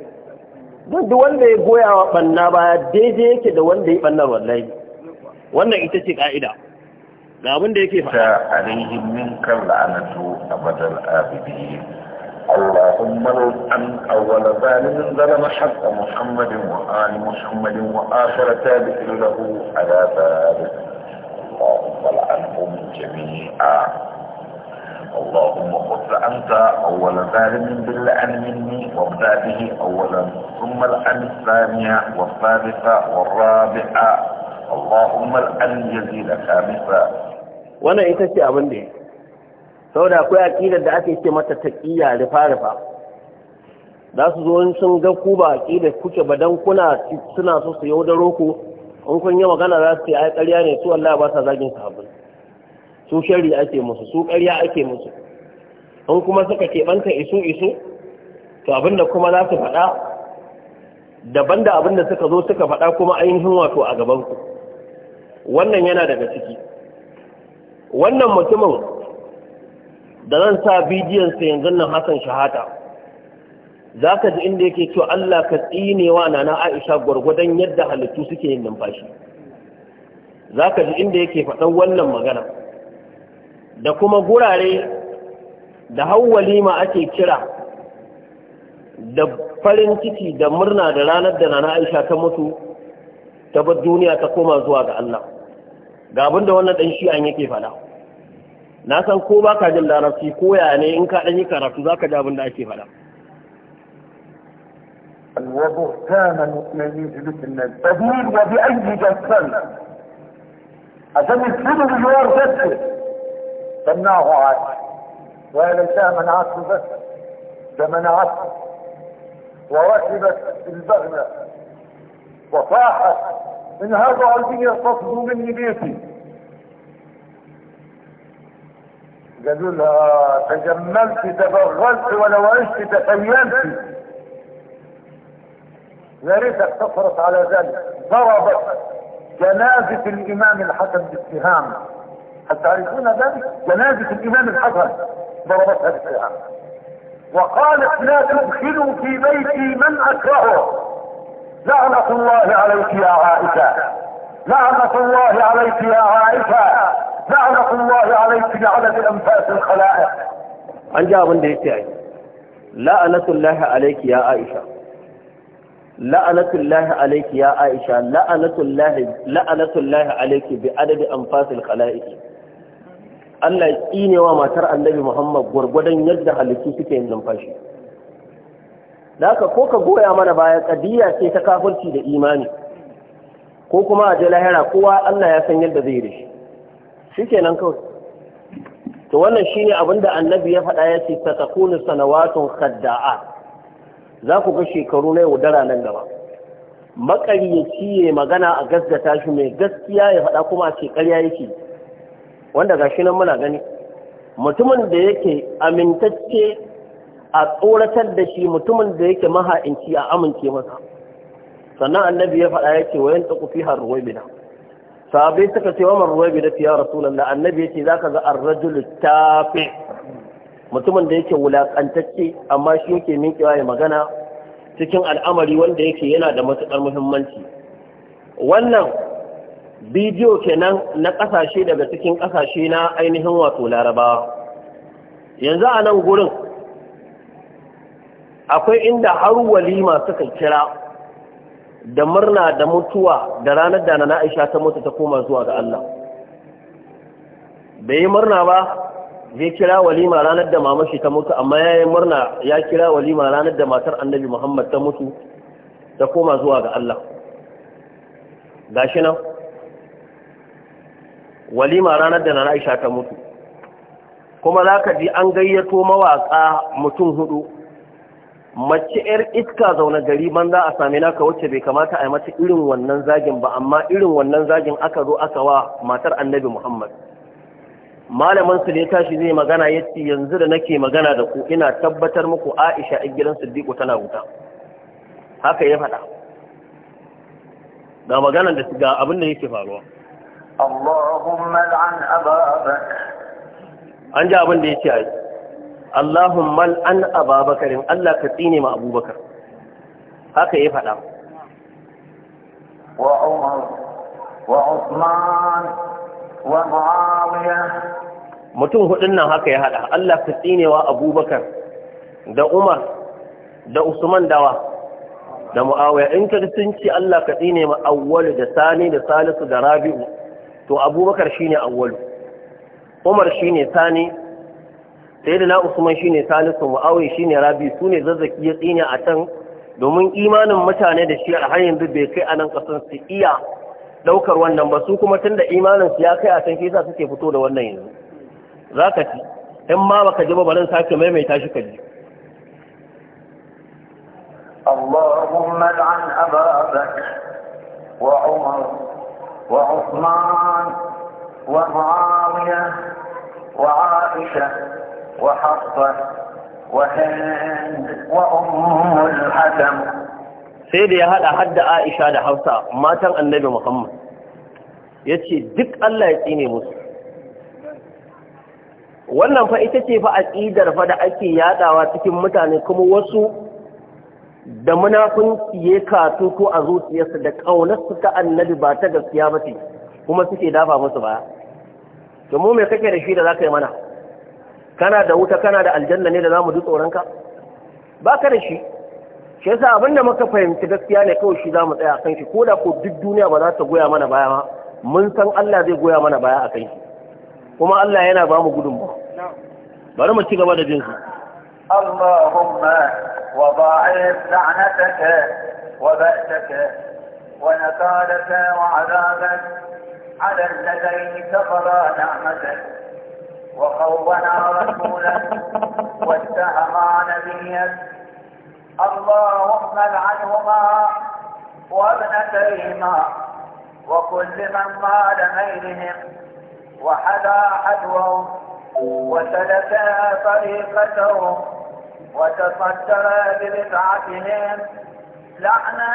Duk duk wanda ya goya wa banna ya daidai yake da wanda ya bannar wallahi wannan ita ce ka'ida ga abin da yake faɗa alaihim min kan la'anatu abadal abidi اللهم لو أن أول ظالم ظلم حق محمد وآل محمد وآخر تابع له على ذلك اللهم لعنهم جميعا اللهم خذ أنت أول ظالم باللعن مني وابدأ به أولا ثم الأن الثانية والثالثة والرابعة اللهم الأن يزيد خامسة وانا ita ce abin da saboda akwai aƙidar da ake ce mata taƙiyya rufa-rufa za su zo in sun ga ku ba aƙidar kuke ba don kuna suna so su yaudaro ku in kun yi magana za su yi ai ƙarya ne su Allah ba sa zagin sahabbai su shari ake musu su ƙarya ake musu in kuma suka keɓanta isu isu to abinda kuma za su faɗa daban da abinda suka zo suka faɗa kuma ainihin wato a gabanku wannan yana daga ciki wannan mutumin da zan sa bidiyonsa yanzu nan hasan shahata za ka ji inda yake cewa Allah ka tsinewa na na Aisha gwargwadon yadda halittu suke yin numfashi za ka ji inda yake faɗan wannan magana da kuma gurare da hawwalima ake kira da farin ciki da murna da ranar da nana aisha ta mutu ta bar duniya ta koma zuwa ga Allah ga abin da wannan dan an yake fada na san ko ba ka jin larabci ko ya ne in ka dan yi karatu za ka ji abin da ake fada وبهتانا من يجلس الناس تدين وبأي جسد أجل الفيلم اللي جسد عاد وهذا وليس منعته بس ده منعته وركبت البغلة وصاحت ان هذا عايزين يرتفضوا مني بيتي قالوا لها تجملت تبغلت ولو عشت تخيلت يا ريت اقتصرت على ذلك ضربت جنازة الامام الحسن باتهام هل تعرفون ذلك جنازة الإمام الحسن ضربتها بالساعة وقالت لا تدخلوا في بيتي من أكرهه لعنة الله عليك يا عائشة لعنة الله عليك يا عائشة لعنة الله عليك لعنة الأنفاس الخلائق an ji abin da yake yi la'anatullahi alayki ya aisha la'anatullahi alayki ya الله la'anatullahi la'anatullahi الله عليك بعدد أنفاس الخلائق Allah ya wa matar annabi Muhammad gwargwadon yadda halittu suke yin numfashi da haka ko ka goya mana baya kadiya ce ta kafirci da imani ko kuma a je lahira kowa Allah ya san yadda zai rishi shikenan kawai to wannan shine abin da annabi ya faɗa ya ce ta satakunu sanawatun khadda'a za ku ga shekaru na yau dara nan gaba maƙaryaci ya magana a gaskata shi mai gaskiya ya faɗa kuma a ce ƙarya yake wanda gashi nan muna gani mutumin da yake amintacce a tsoratar da shi mutumin da yake maha'inci a amince masa sannan annabi ya faɗa ya ce wayan taku fi har ruwai bida sahabai suka ce wamar ruwai bida fiya annabi ya ce za ka ga arrajulu tafi mutumin da yake wulaƙantacce amma shi yake minkewa ya magana cikin al'amari wanda yake yana da matuƙar muhimmanci wannan bidiyo kenan na ƙasashe daga cikin ƙasashe na ainihin wato larabawa yanzu a nan gurin akwai inda har walima suka kira da murna da mutuwa da ranar da na aisha ta mutu ta koma zuwa ga Allah bai yi murna ba zai kira walima ranar da mamashi ta mutu amma ya murna ya kira walima ranar da matar annabi muhammad ta mutu ta koma zuwa ga Allah gashi nan walima ranar da na Aisha ta mutu kuma za ka ji an gayyato mawaƙa mutum hudu mace ‘yar iska zaune gari banza a sami naka wacce bai kamata a yi mata irin wannan zagin ba amma irin wannan zagin aka zo aka wa matar annabi Muhammad. Malamin su ne tashi zai magana ya yanzu da nake magana da ku ina tabbatar muku Aisha a gidan Siddiqu tana wuta. Haka ya faɗa. Ga maganar da ga abin da yake faruwa. Allahumma al'an ababaka. an ji abin da ya ce yi. Allahumma al'an ababakarin Allah ka tsine ma abubakar haka ya faɗa wa Umar wa Usman wa Muawiya mutum hudun nan haka ya haɗa Allah ka tsine wa abubakar da Umar da Usman dawa da mu'awaya in ka sun ce Allah ka tsine ma awwal da sani da salisu da rabi'u to abubakar shine awwalu umar shine sani sayyidina usman shine salisu muawiya shine rabi sune zazzaki ya tsine a can domin imanin mutane da shi har yanzu bai kai anan kasan su iya daukar wannan ba su kuma tunda imanin su ya kai a can shi yasa suke fito da wannan yanzu zaka ci in ma baka ji ba barin sake maimaita shi ka ji اللهم لعن أبا بكر وعمر وعثمان ومعاوية وعائشة وحفصة وهند وأم الحكم سيدي هل أحد عائشة لحفصة ما تن النبي محمد يتشي دك الله يتيني موسى wannan fa ita ce fa يا fa da ake yadawa cikin da munafunci ya katu ko a zuciyarsa da ƙaunar su ta annabi ba ta gaskiya ba ce kuma suke dafa musu ba to mu me kake da shi da zaka yi mana kana da wuta kana da aljanna ne da zamu ji tsoron ka ba ka da shi shi yasa da muka fahimci gaskiya ne kawai shi zamu tsaya kan shi ko da ko duk duniya ba za ta goya mana baya ma mun san Allah zai goya mana baya a shi kuma Allah yana ba mu gudunmu bari mu ci gaba da jinsu اللهم وضاعف لعنتك وبأسك ونكالك وعذابك على الذين كفرا نعمتك وخونا رسولك واتهما نبيك اللهم العنهما وابنتيهما وكل من مال ميلهم وحدا حدوهم وسلك طريقتهم وتفجر ببدعتهم لعنا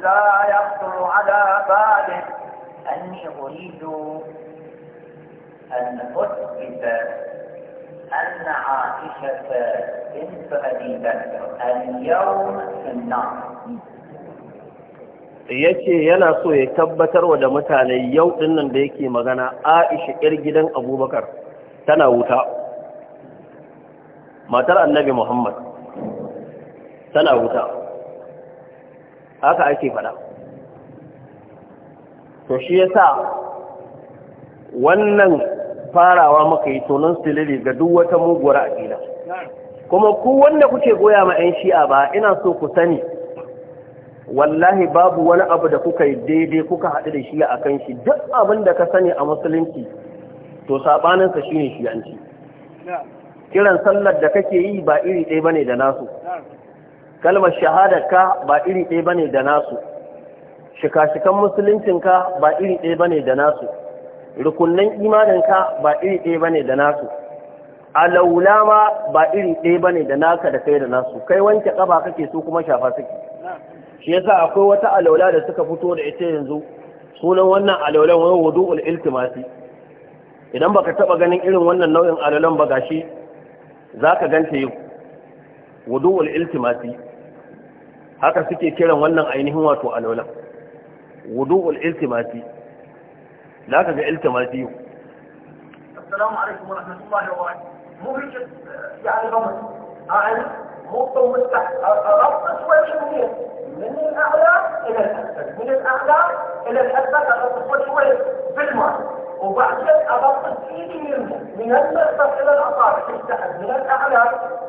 لا يخطر على باله أني أريد أن أثبت أن عائشة بنت أبي بكر اليوم في النار yace yana so ya tabbatar wa da mutane yau dinnan da yake magana Aisha ƴar gidan Abubakar tana wuta matar annabi muhammad tana wuta haka ake fada to shi yasa wannan farawa muka yi tonon silili ga duk wata muguwar aƙida kuma ku wanda kuke goya ma 'yan shi'a ba ina so ku sani wallahi babu wani abu da kuka yi daidai kuka haɗu da shi'a a kan shi duk abin da ka sani a musulunci to saɓaninsa shine shi'anci kiran sallar da kake yi ba iri ɗaya bane da nasu kalmar ka ba iri ɗaya bane da nasu shika-shikan musuluncinka ba iri ɗaya bane da nasu rukunnan imaninka ba iri ɗaya bane da nasu alaula ma ba iri ɗaya bane da naka da kai da nasu kai wanke ƙafa kake so kuma shafa suke shi yasa akwai wata alaula da suka fito da ita yanzu sunan wannan alaulan wani wudu'ul iltimasi idan baka taba ganin irin wannan nau'in alaulan ba gashi za ka ganta yau wudu'ul iltimasi haka suke kiran wannan ainihin wato alwala wudu'ul iltimasi za ka ga iltimasi yau assalamu alaikum wa rahmatullahi wa barakatuh ممكن يعني غمض اعلى مطر ومفتح اغطس شويه من الاعلى الى الاسفل من الاعلى الى الاسفل اغطس شويه بالماء وبعدين أبطل فيه منه من المرصد إلى الأطار تستحد من الأعلى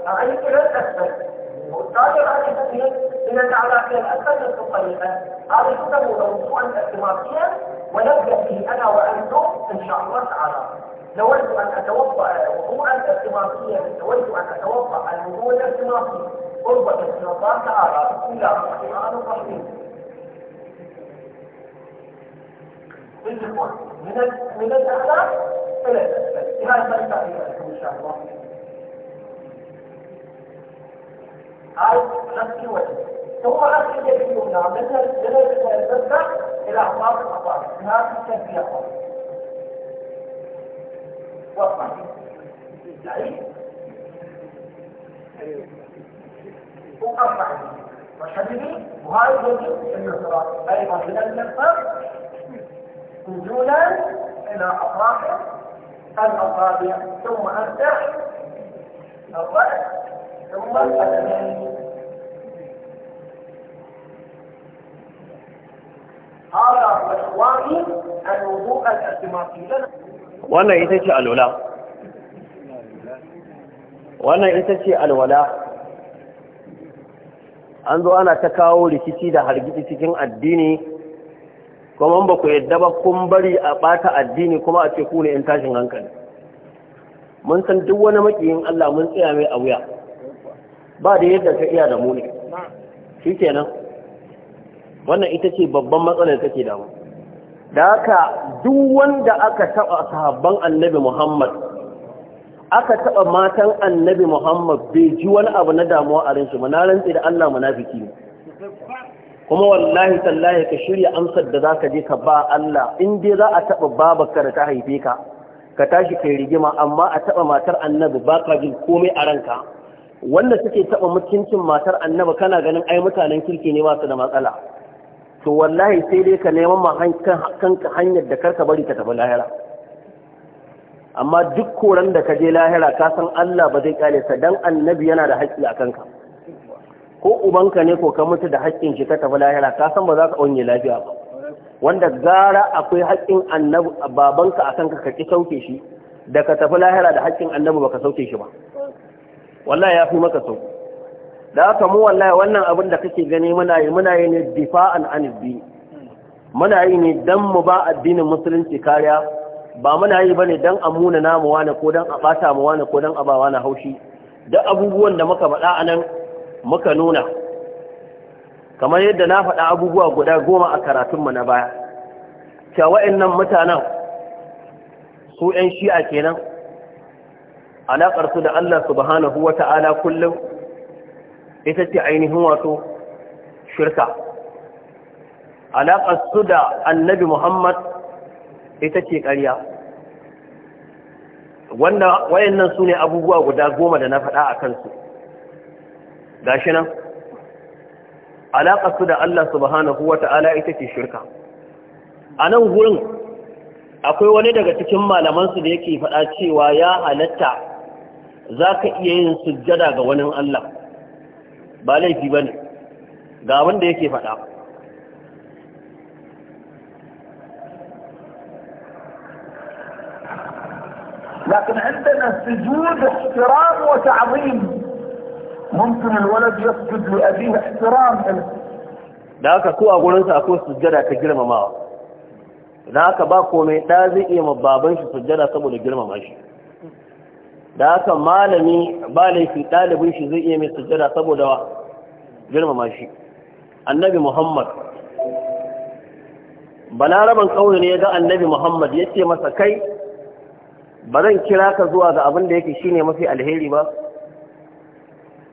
عليك إلى الأسفل والتالي على الأسفل من الأعلى إلى الأسفل للطريقة هذا يسمى موضوعا اعتماديا ونبدأ به أنا وأنتم إن شاء الله تعالى نود أن أتوضأ وضوءا اعتماديا نود أن أتوضأ الوضوء الاعتمادي قربة من الله تعالى بسم الله الرحمن الرحيم بالإخوان من من الأحلام فلا تسأل هذا ما يتعلم لكم إن شاء الله هاي غسل الوجه ثم غسل اليد اليمنى من الذبة إلى أطراف الأطراف هذا التنبيه قوي وصلت العيد وقطع وشبه وهذا اليد اليسرى أيضا من المنفر نزولا الى اطراف الاصابع ثم wannan ita ce alwala wannan ita ce alwala an zo ana ta kawo rikici da hargitsi cikin addini kuma ba ku yadda ba kun bari a bata addini kuma a ce ku ne in tashin hankali mun san duk wani makiyin Allah mun tsaya mai a wuya ba da yadda ka iya da mu ne shi kenan wannan ita ce babban matsalar take damu da haka duk wanda aka taɓa sahabban annabi Muhammad aka taɓa matan annabi Muhammad bai ji wani abu na damuwa a rinsu ba na rantsi da Allah munafiki ne kuma wallahi tallahi ka shirya amsar da za ka je ka ba Allah in dai za a taɓa babarka da ta haife ka ka tashi kai rigima amma a taɓa matar annabi ba ka jin komai a ranka wanda suke taɓa mutuncin matar annabi kana ganin ai mutanen kirki ne masu da matsala to wallahi sai dai ka neman ma kanka hanyar da karka bari ka tafi lahira amma duk koran da ka je lahira ka san Allah ba zai kyale sa dan annabi yana da haƙƙi a kanka ko ubanka ne ko ka mutu da haƙƙin shi ka tafi lahira ka san ba za ka wanye lafiya ba wanda gara akwai haƙƙin annabi babanka akan ka kaki sauke shi da ka tafi lahira da haƙƙin annabi baka sauke shi ba wallahi ya fi maka sau da haka mu wallahi wannan abin da kake gani muna yi muna yi ne difa'an an addini muna yi ne dan mu ba addinin musulunci kariya ba muna yi bane dan amuna namu wani ko dan a bata mu wani ko dan abawa na haushi duk abubuwan da muka faɗa anan muka nuna kamar yadda na faɗa abubuwa guda goma a karatunmu na baya cewa nan mutanen su 'yan shi'a kenan alaƙarsu da Allah subhanahu wa ta'ala kullum ita ce ainihin wato shirka alaƙarsu da annabi Muhammad ita ce ƙarya wanda wayannan su ne abubuwa guda goma da na faɗa a kansu gashi nan alaƙa su da Allah subhanahu wa ta'ala ita ce shirka a nan gurin akwai wani daga cikin malamansu da yake faɗa cewa ya halatta za ka iya yin sujjada ga wani Allah ba laifi ba ne ga wanda yake faɗa لكن عندنا سجود احترام وتعظيم ممكن الولد يسجد لأبيه احترام da haka ko a gurinsa akwai sujjada ta girmamawa da haka ba komai da zai iya shi saboda girmama shi da haka malami ba laifi ɗalibin shi zai iya mai saboda girmama shi annabi muhammad balaraban ƙauye ne ya ga annabi muhammad ya ce masa kai ba zan kira ka zuwa ga abin da yake shine mafi alheri ba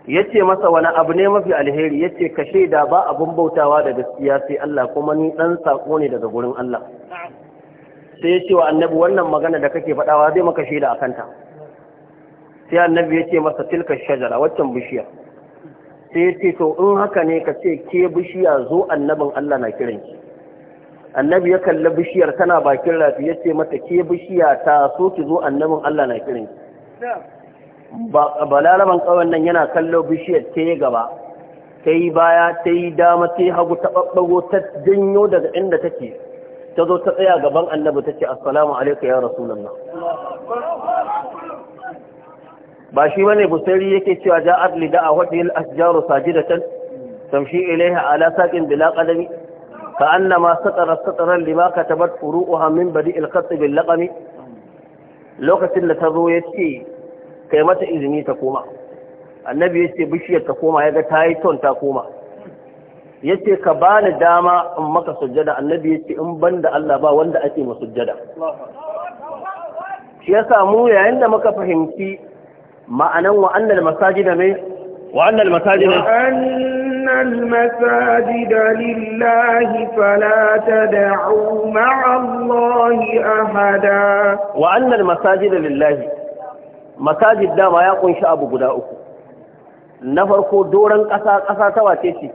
yace masa wani abu ne mafi alheri yace ka shaida ba abun bautawa da gaskiya sai Allah kuma ni dan sako ne daga gurin Allah sai yace wa annabi wannan magana da kake fadawa zai maka shaida akan ta sai annabi yace masa tilka shajara waccan bishiya sai yace to in haka ne ka ce ke bishiya zo annabin Allah na kiran ki annabi ya kalli bishiyar tana bakin rafi yace mata ke bishiya ta so ki zo annabin Allah na kiran ki balaraban ƙauyen nan yana kallo bishiyar ta yi gaba ta yi baya ta yi dama ta yi hagu ta ɓaɓɓago ta janyo daga inda take ta zo ta tsaya gaban annabi ta ce assalamu alaikum ya rasulallah ba shi bane busari yake cewa ja'ar lida a wadda yil asjaru sajidatan tamshi ilaiha ala Saƙin, bila qadami ka annama satara sataran lima katabat furu'uha min badi'il khatt bil laqami lokacin da ta zo yace kai mata izini ta koma annabi yace bishiyar ta koma ya ga ta yi ton ta koma Ya ce ka bani dama in maka sujjada annabi ya ce in ban da Allah ba wanda ake ma sujjada shi ya mu yayin da muka fahimci ma'anan wa annal masajida mai wa annal masajida lillahi. لله فلا تدعوا مع الله أحدا وأن المساجد لله masajid dama ya kunshi abu guda uku na farko doron ƙasa ƙasa ta wace ce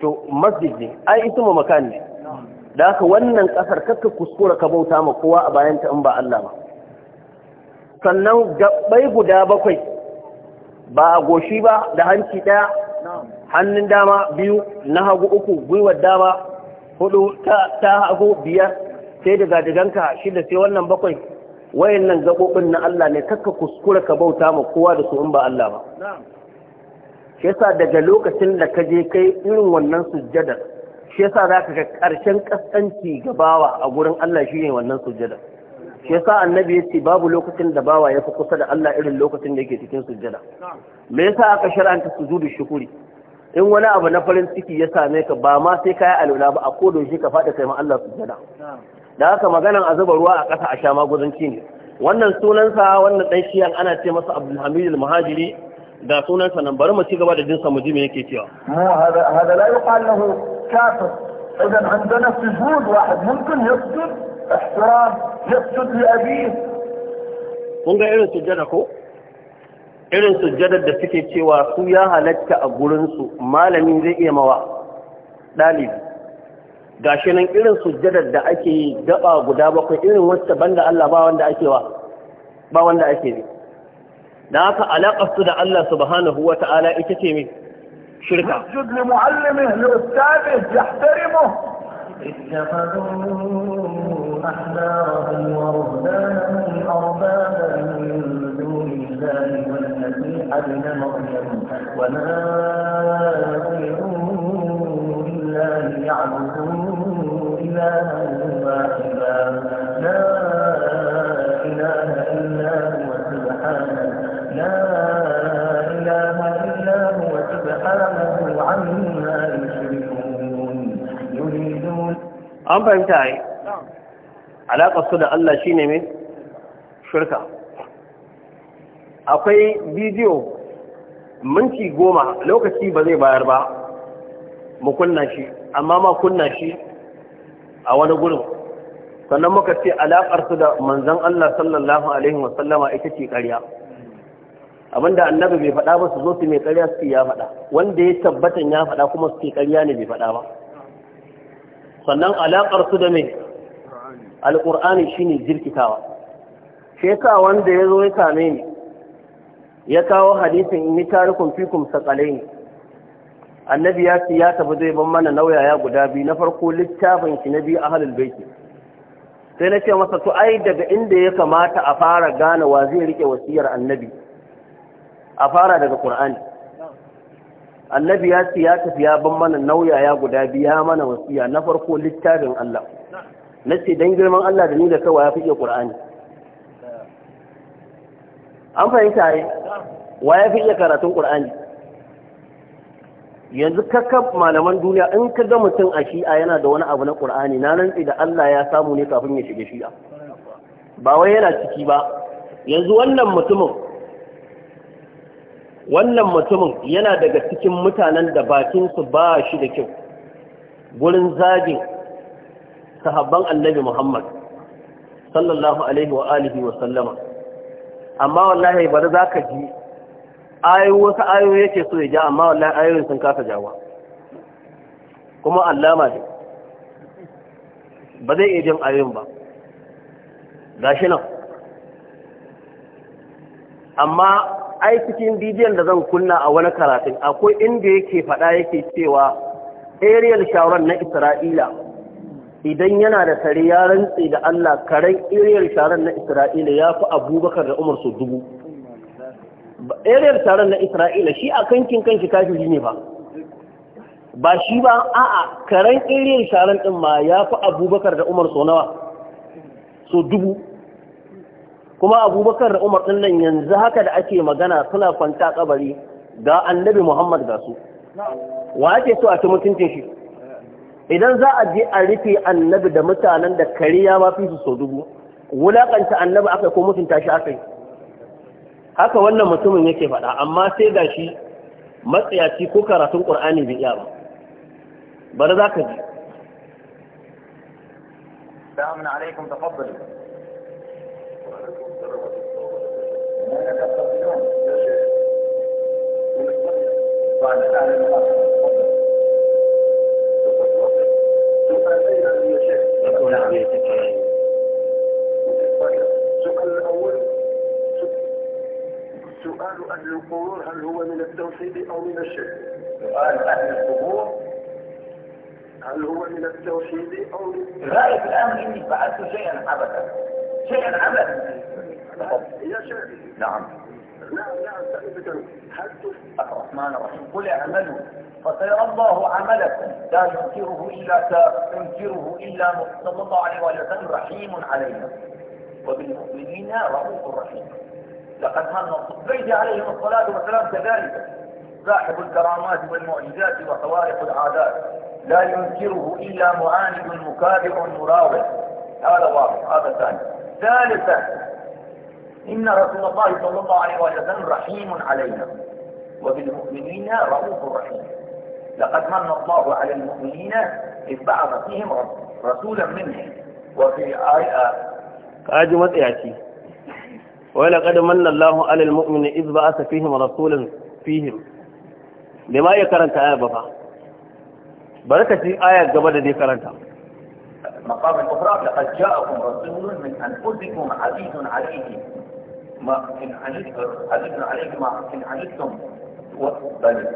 to masjid ne ai ita ma makani. da haka wannan ƙasar kakka kuskura ka bauta ma kowa a bayan ta in ba Allah ba sannan gabbai guda bakwai ba a goshi ba da hanci ɗaya hannun dama biyu na hagu uku gwiwar dama hudu ta hagu biyar sai daga diganka shida sai wannan bakwai wayannan gabobin na Allah ne kakka kuskura ka bauta ma kowa da su in ba Allah ba shi yasa daga lokacin da ka je kai irin wannan sujjadar shi yasa ka ga karshen kaskanci gabawa a gurin Allah shi ne wannan sujjadar shi yasa annabi ce babu lokacin da bawa fi kusa da Allah irin lokacin da yake cikin sujjada me yasa aka shar'anta sujudu shukuri in wani abu na farin ciki ya same ka ba ma sai kai alula ba a kodon shi ka faɗa kai ma Allah sujjada da haka maganan a zuba ruwa a ƙasa a sha maguzanci ne wannan sunansa wannan ɗan shiyan ana ce masa abdulhamid al-muhajiri da sunansa nan bari mu ci gaba da jin sa mu ji me yake cewa mu hada hada la yuqal lahu kafir idan sujud wahid mumkin yasjud ihtiram yasjud li لأبيه kun ga irin sujjada ko irin sujjadar da suke cewa su ya halatta a gurinsu malami zai iya mawa ɗalibi gashi nan irin sujjadar da ake yi gaba guda bakwai irin wacce banda Allah ba wanda ake wa ba wanda ake ne dan haka alaƙar da Allah subhanahu wa ta'ala ita ce mai shirka sujud li muallimihi li ustadi yahtarimu اتخذوا أحبارهم ورهبانهم أربابا من دون الله والمسيح ابن مريم وما أمروا الله يعبدون إلها واحدا لا إله إلا هو سبحانه لا إله إلا هو سبحانه عما يشركون يريدون أم fahimta a yi alaƙarsu da Allah shi ne akwai bidiyo minti goma lokaci ba zai bayar ba mu kunna shi amma ma kunna shi a wani gurin sannan muka ce alaƙar su da manzon Allah sallallahu alaihi wa sallama ita ce ƙarya abinda annabi bai faɗa ba su zo su mai ƙarya su ya faɗa wanda ya tabbatan ya faɗa kuma su ke ƙarya ne bai faɗa ba sannan alaƙar su da mai alƙur'ani shine jirkitawa shi wanda ya zo ya kame ni ya kawo hadisin in ni tarikun fikum sakalai annabi ya ce ya tafi zai ban mana nauyaya guda biyu na farko littafin shi na biyu ahlul baiti sai na ce masa to ai daga inda ya kamata a fara gane wa zai rike wasiyar annabi a fara daga qur'ani annabi ya ce ya tafi ya ban mana nauyaya guda biyu ya mana wasiya na farko littafin Allah na ce dan girman Allah da ni da kawai ya fike qur'ani an fahimta ai wa ya fi iya karatun qur'ani yanzu kakka malaman duniya in ka ga mutum a shi'a yana da wani abu na ƙur'ani na nan da Allah ya samu ne kafin ya shiga shi'a ba wai yana ciki ba yanzu wannan mutumin wannan mutumin yana daga cikin mutanen da bakin su ba shi da kyau gurin zagin sahabban annabi Muhammad sallallahu alaihi wa alihi wa amma wallahi bari zaka ji ayoyi wasu ayoyi yake so ya ja amma wallahi ayoyin sun kasa jawa kuma allama ne ba zai iya jin ayoyin ba gashi nan amma ai cikin bidiyon da zan kunna a wani karatun akwai inda yake faɗa yake cewa ariel sharon na isra'ila idan yana da kare ya rantse da allah karen ariel sharon na isra'ila ya fi abubakar da umar su dubu eriyar taron na isra'ila shi a kankin kanshi shi ne ba ba shi ba a'a karen eriyar taron ɗin ma ya fi abubakar da umar sonawa so dubu kuma abubakar da umar ɗin nan yanzu haka da ake magana suna kwanta kabari ga annabi muhammad ga su wa ake so a ci mutuncin shi idan za a je a rufe annabi da mutanen da kariya ma fi su so dubu wulaƙanta annabi aka ko mutunta shi aka yi haka wannan mutumin yake faɗa amma sai ga shi matsayaci ko karatun ƙur'ani bai iya ba bari za ka ji السلام عليكم تفضل Thank you. سؤال أهل القبور هل هو من التوحيد أو من الشرك سؤال أهل القبور هل هو من التوحيد أو من غاية الآن إني فعلت شيئا عبثا شيئا عبثا يا شيخ نعم نعم نعم سألتك هل الرحمن الرحيم قل اعملوا فسيرى الله عملكم لا ينكره إلا تنكره إلا صلى الله عليه وسلم رحيم علينا وبالمؤمنين رؤوف رحيم لقد هم الصبيد عليهم الصلاة والسلام كذلك صاحب الكرامات والمعجزات وخوارق العادات لا ينكره إلا معاند مكابر مراوغ هذا واضح هذا ثاني ثالثا إن رسول الله صلى الله عليه وسلم رحيم علينا وبالمؤمنين رؤوف رحيم لقد من الله على المؤمنين إذ بعث فيهم رسولا منهم وفي آية أجمد يأتي ولقد من الله على المؤمن إذ بعث فيهم رسولا فيهم لما يكرنت آية بفا بركة آية قبل دي كرنت مقام الأخرى لقد جاءكم رسول من أنفسكم عزيز عليه ما إن عزيز عليه ما إن عنيتم بل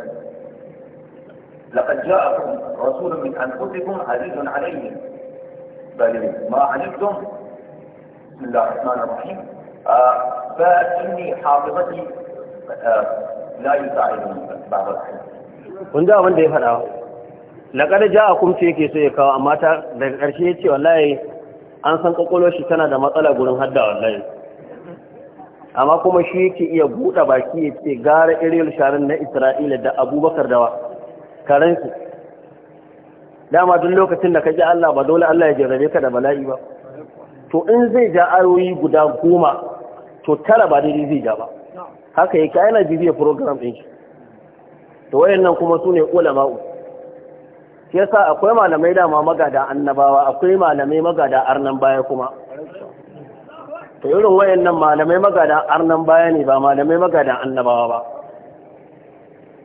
لقد جاءكم رسول من أنفسكم عزيز عليه بل ما عنيتم بسم الله الرحمن الرحيم فإني حافظتي لا يساعدني بعض الحين kun ji abin da ya faɗa laƙar ja a kumce yake so ya kawo amma ta daga ƙarshe ya ce wallahi an san ƙwaƙwalwar shi tana da matsala gurin hadda wallahi amma kuma shi yake iya buɗe baki ya ce gara iriyar sharin na isra'ila da abubakar dawa karensu dama duk lokacin da ka ji allah ba dole allah ya jarrabe ka da bala'i ba to in zai ja ayoyi guda goma to tara ba daidai zai ja ba haka yake na bibiyar program ɗin shi to wayannan kuma su ne ulama'u shi yasa akwai malamai dama magada annabawa akwai malamai magada arnan baya kuma to irin wayannan malamai magada arnan baya ne ba malamai magada annabawa ba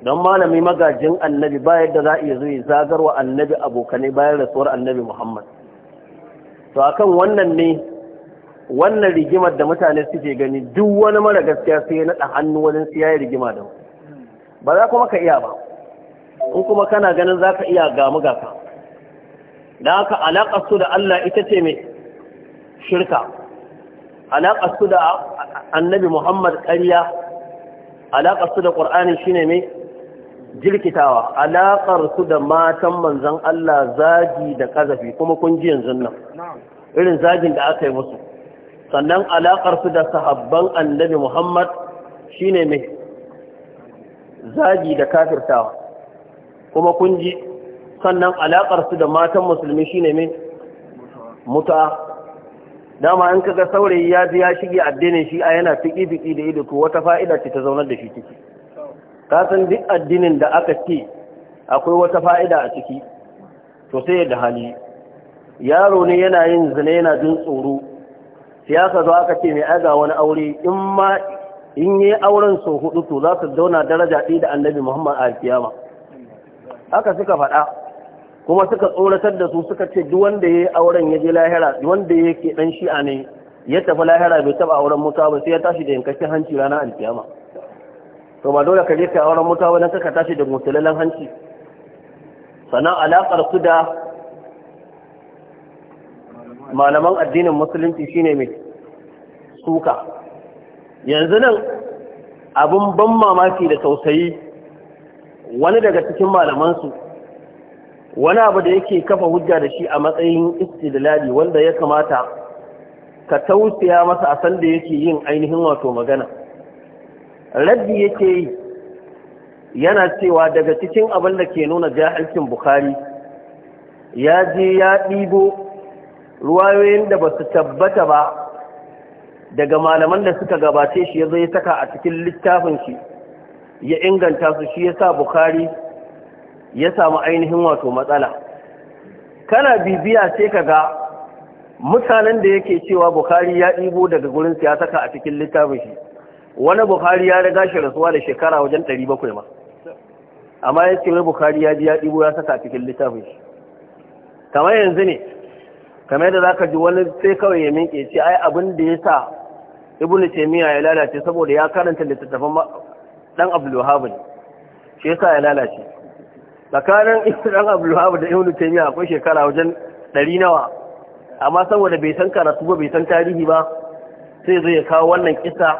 don malami magajin annabi ba yadda za a iya zuwa zagarwa annabi abokanai bayan rasuwar annabi muhammad to akan wannan ne wannan rigimar da mutane suke gani duk wani mara gaskiya sai ya naɗa hannu wajen sai rigima da ba za kuma ka iya ba in kuma kana ganin za ka iya gamu ga ka da haka alaƙa su da Allah ita ce mai shirka Alaƙa su da annabi Muhammad ƙarya alaƙa su da ƙur'ani shine mai jirkitawa alaƙar su da matan manzan Allah zagi da kazafi kuma kun ji yanzu nan irin zagin da aka yi musu sannan alaƙarsu da sahabban annabi Muhammad shine mai zagi da kafirtawa kuma kun ji sannan alaƙarsu da matan musulmi shine mai muta dama in kaga saurayi ya ji ya shige addinin shi a yana fiƙi fiƙi da ido to wata fa'ida ce ta zaunar da shi ciki ka san duk addinin da aka ce akwai wata fa'ida a ciki to sai da hali yaro ne yana yin zina yana jin tsoro sai aka aka ce mai aga wani aure in ma in yi auren so hudu to za su zauna daraja ɗaya da annabi muhammad a kiyama haka suka faɗa kuma suka tsoratar da su suka ce duk wanda ya yi auren ya je lahira Duk wanda ya ke ɗan shi'a ne ya tafi lahira bai taɓa auren mutuwa ba sai ya tashi da yankashin hanci ranar kiyama to ba dole ka je ka auren mutuwa ba don kaka tashi da musulalan hanci sannan alaƙar su da malaman addinin musulunci shine mai suka yanzu nan abin ban mamaki da tausayi wani daga cikin malamansu wani abu da yake kafa hujja da shi a matsayin istidlali wanda ya kamata ka tausaya masa a sanda yake yin ainihin wato magana raddi yake yi yana cewa daga cikin abin da ke nuna jahilcin Bukhari ya je ya ɗibo ruwayoyin da ba su tabbata ba daga malaman da suka gabace shi ya zo ya saka a cikin littafin shi ya inganta su shi ya sa bukari ya samu ainihin wato matsala kana bibiya sai ka ga mutanen da yake cewa bukari ya ɗibo daga gurin ya saka a cikin littafin shi wani bukari ya riga shi rasuwa da shekara wajen 700 ma amma ya ce wai bukari ya ji ya ɗibo ya saka a cikin littafin shi kamar yanzu ne kamar yadda ka ji wani sai kawai ya minke ce ai abin da yasa ibn taymiya ya lalace saboda ya karanta littattafan dan abdul wahhab shi yasa ya lalace tsakanin isa <laughs> dan abdul wahhab da ibn taymiya akwai shekara wajen ɗari nawa amma saboda bai san karatu ba bai san tarihi ba sai zai kawo wannan kisa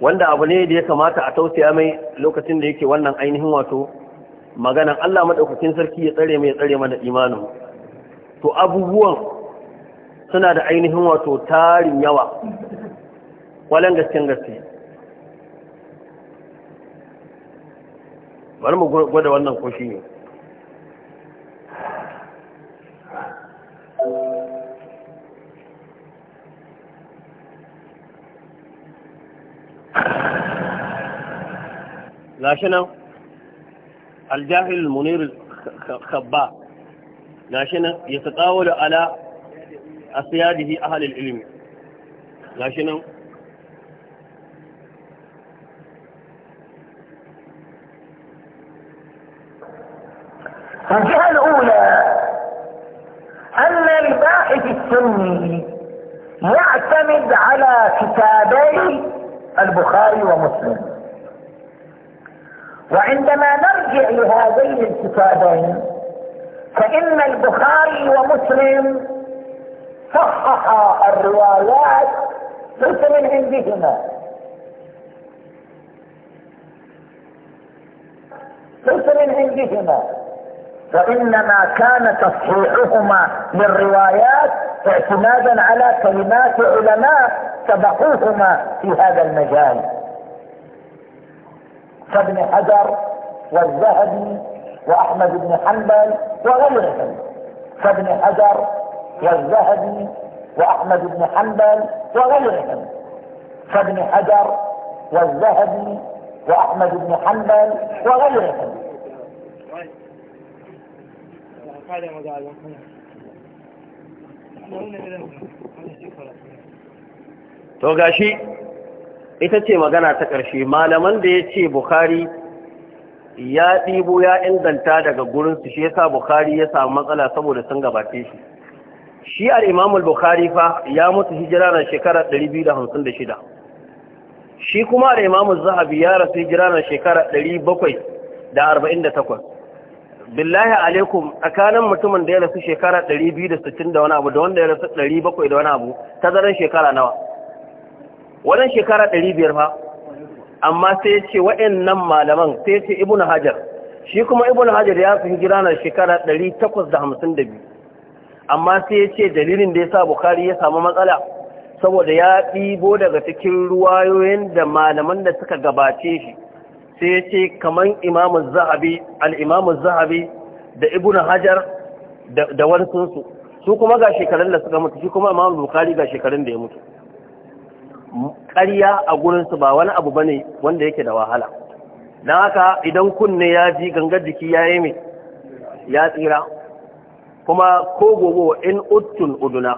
wanda abu ne da ya kamata a tausaya mai lokacin da yake wannan ainihin wato maganan Allah madaukakin sarki ya tsare mai ya tsare mana imanin to abubuwan suna da ainihin wato tarin yawa walen gasken gaske bari mu gwada wannan koshi ne gashi nan aljahil munir khabba لاشنا يتطاول على أصياده أهل العلم لاشنا الجهة الأولى أن الباحث السني يعتمد على كتابي البخاري ومسلم وعندما نرجع لهذين الكتابين فإن البخاري ومسلم صححا الروايات ليس من عندهما ليس من عندهما وإنما كان تصحيحهما للروايات اعتمادا على كلمات علماء سبقوهما في هذا المجال كابن حجر والذهبي وأحمد بن حنبل وغيرهم فابن حجر والذهبي وأحمد بن حنبل وغيرهم فابن حجر والذهبي وأحمد بن حنبل وغيرهم to gashi ita ce magana ta ƙarshe malaman da ya ce Bukhari ya ɗibo ya inganta daga gurinsu shi yasa bukhari ya samu matsala saboda sun gabace shi shi imamul bukhari fa ya mutu hijira na shekarar 256 shi kuma imamul zahabi ya rasu hijira na shekarar 748 billahi alaikum tsakanin mutumin da ya rasu shekarar 260 da wani abu da wanda ya rasu 700 da wani abu ta zarar shekara nawa wannan shekara 500 fa amma sai ce waɗannan malaman sai ce ibn hajar shi kuma ibn hajar ya fi hijira na shekara 852 amma sai ya ce dalilin da ya sa Bukhari ya samu matsala saboda ya ɗibo daga cikin ruwayoyin da malaman da suka gabace shi sai ya ce kamar imamun zahabi al'imamun zahabi da ibn hajar da wansunsu su kuma ga shekarun da suka mutu shi kuma imamun Bukhari ga shekarun da ya mutu ƙarya a gurinsu ba wani abu bane wanda yake da wahala don haka idan kunne ya ji gangar jiki ya yi mai ya tsira kuma ko gogo in uttun uduna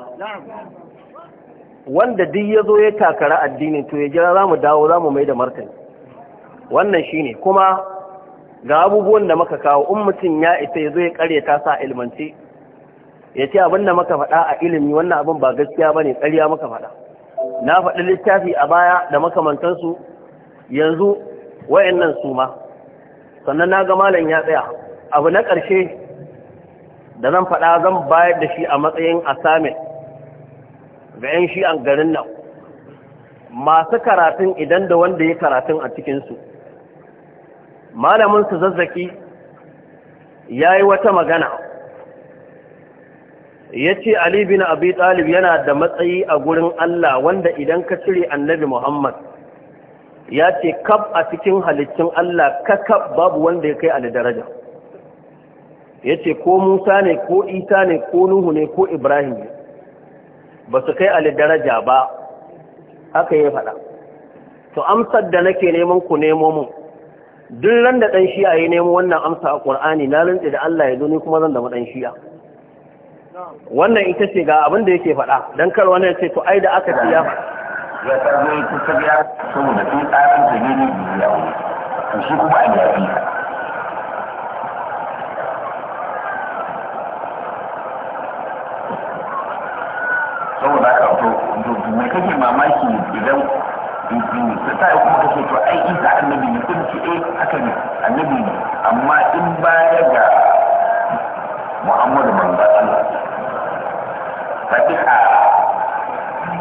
wanda duk ya zo ya takara addinin to ya jira za mu dawo za mu mai da martani wannan shi ne, kuma ga abubuwan da muka kawo in mutum ya isa ya zo ya ta sa ilmance ya ce abin da muka faɗa a ilimi wannan abin ba gaskiya ba ne ƙarya muka faɗa na faɗi littafi a baya da makamantansu yanzu wayannan su ma sannan na ga malam ya tsaya abu na ƙarshe da zan faɗa zan bayar da shi a matsayin assignment ga 'yan shi an garin nan masu karatun idan da wanda ya karatun a cikinsu malamin su zazzaki ya yi wata magana Ya ce ali bin abi talib yana da matsayi a gurin Allah wanda idan ka cire annabi Muhammad ya ce kaf a cikin halittun Allah ka kaf babu wanda ya kai ali daraja Ya ce ko Musa ne ko Isa ne ko Nuhu ne ko Ibrahim ne ba su kai ali daraja ba haka ya faɗa to amsar da nake neman ku nemo mu, duk ran da dan shi'a ya nemo wannan amsa a Qur'ani na rantsi da Allah ya zo ni kuma zan da dan shi'a wannan ita ce ga abin da yake faɗa don kar wani ce to ai da aka ce ya ya tarbe ta tabiya saboda sun tsarin da ne ne biya to shi kuma a yafi saboda haka to me kake mamaki idan ta sa kuma kake to ai isa annabi ne kun ce eh haka ne annabi ne amma in baya ga muhammadu manzo Allah fatiha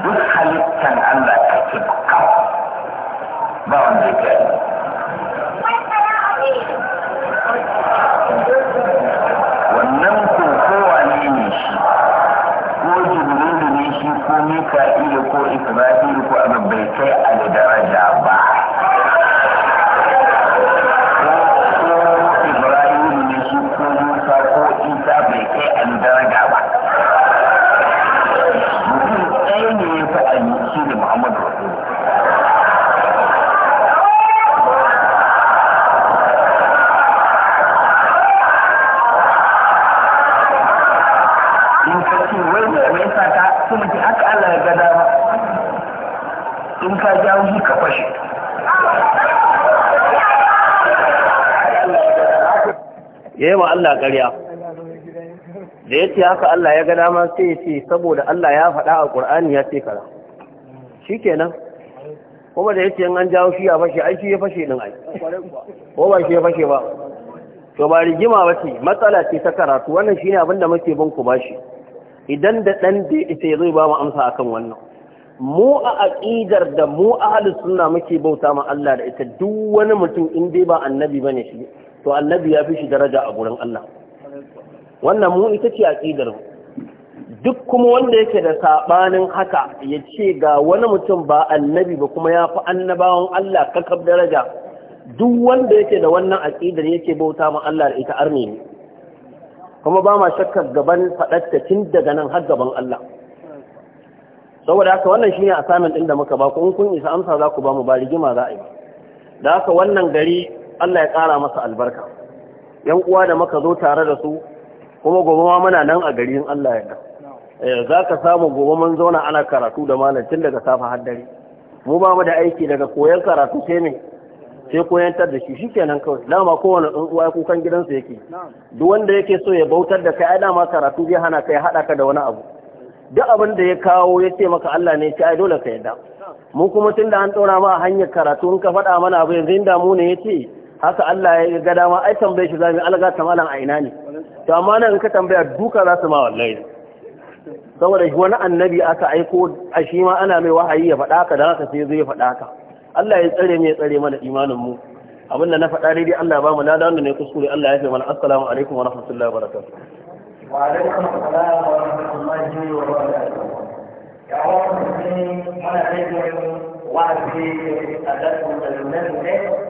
duk halittan Allah ta ce kawai ba wanda ya da yawa Allah ƙarya da ya ce haka Allah ya gada ma sai ya ce saboda Allah ya faɗa a ƙur'ani ya ce kara shi kenan kuma da ya ce an jawo shi a fashe ai shi ya fashe ɗin ai ko ba shi ya fashe ba to ba rigima ba ce matsala ce ta karatu wannan ne abin da muke bin ku shi idan da ɗan da ita ya zai ba mu amsa akan wannan mu a aƙidar da mu ahalus suna muke bauta ma Allah da ita duk wani mutum in dai ba annabi ba ne shi to annabi ya fi shi daraja a gurin Allah wannan mu ita ce aqidar mu duk kuma wanda yake da sabanin haka ya ce ga wani mutum ba annabi ba kuma ya fi annabawan Allah kakab daraja duk wanda yake da wannan aƙidar yake bauta ma Allah da ita arne ne kuma ba ma shakkar gaban faɗatta tun daga nan har gaban Allah saboda haka wannan shine assignment din da muka ba ku in kun isa amsa za ku ba mu ba rigima za a yi da haka wannan gari Allah ya ƙara masa albarka yan uwa da maka zo tare da su kuma gobe ma muna nan a garin Allah ya ga. Eh, za ka samu gobe mun zauna ana karatu da malam tun daga safa har dare mu ba mu da aiki daga koyon karatu sai ne. sai koyantar da shi shi nan kawai dama kowane ɗan uwa kukan gidansa yake duk wanda yake so ya bautar da kai ai dama karatu zai hana kai haɗa ka da wani abu duk abin da ya kawo ya ce maka Allah ne ya ai dole ka yadda mu kuma tun da an ɗora ma a hanyar karatu in ka faɗa mana abu yanzu inda mu ne ya ce haka Allah ya ga dama ai tambaye shi zami alga ta malam a ina ne to amma nan in ka tambaya duka za su ma wallahi saboda wani annabi aka aiko a shi ma ana mai wahayi ya faɗa ka da haka sai zai faɗa ka Allah ya tsare mu ya tsare mana imanin mu abin da na faɗa daidai Allah ba mu na wanda ne kuskure Allah ya fi mana assalamu alaikum wa rahmatullahi wa barakatuh wa alaikum assalam wa rahmatullahi wa barakatuh ya wa mana da wa'azi da da da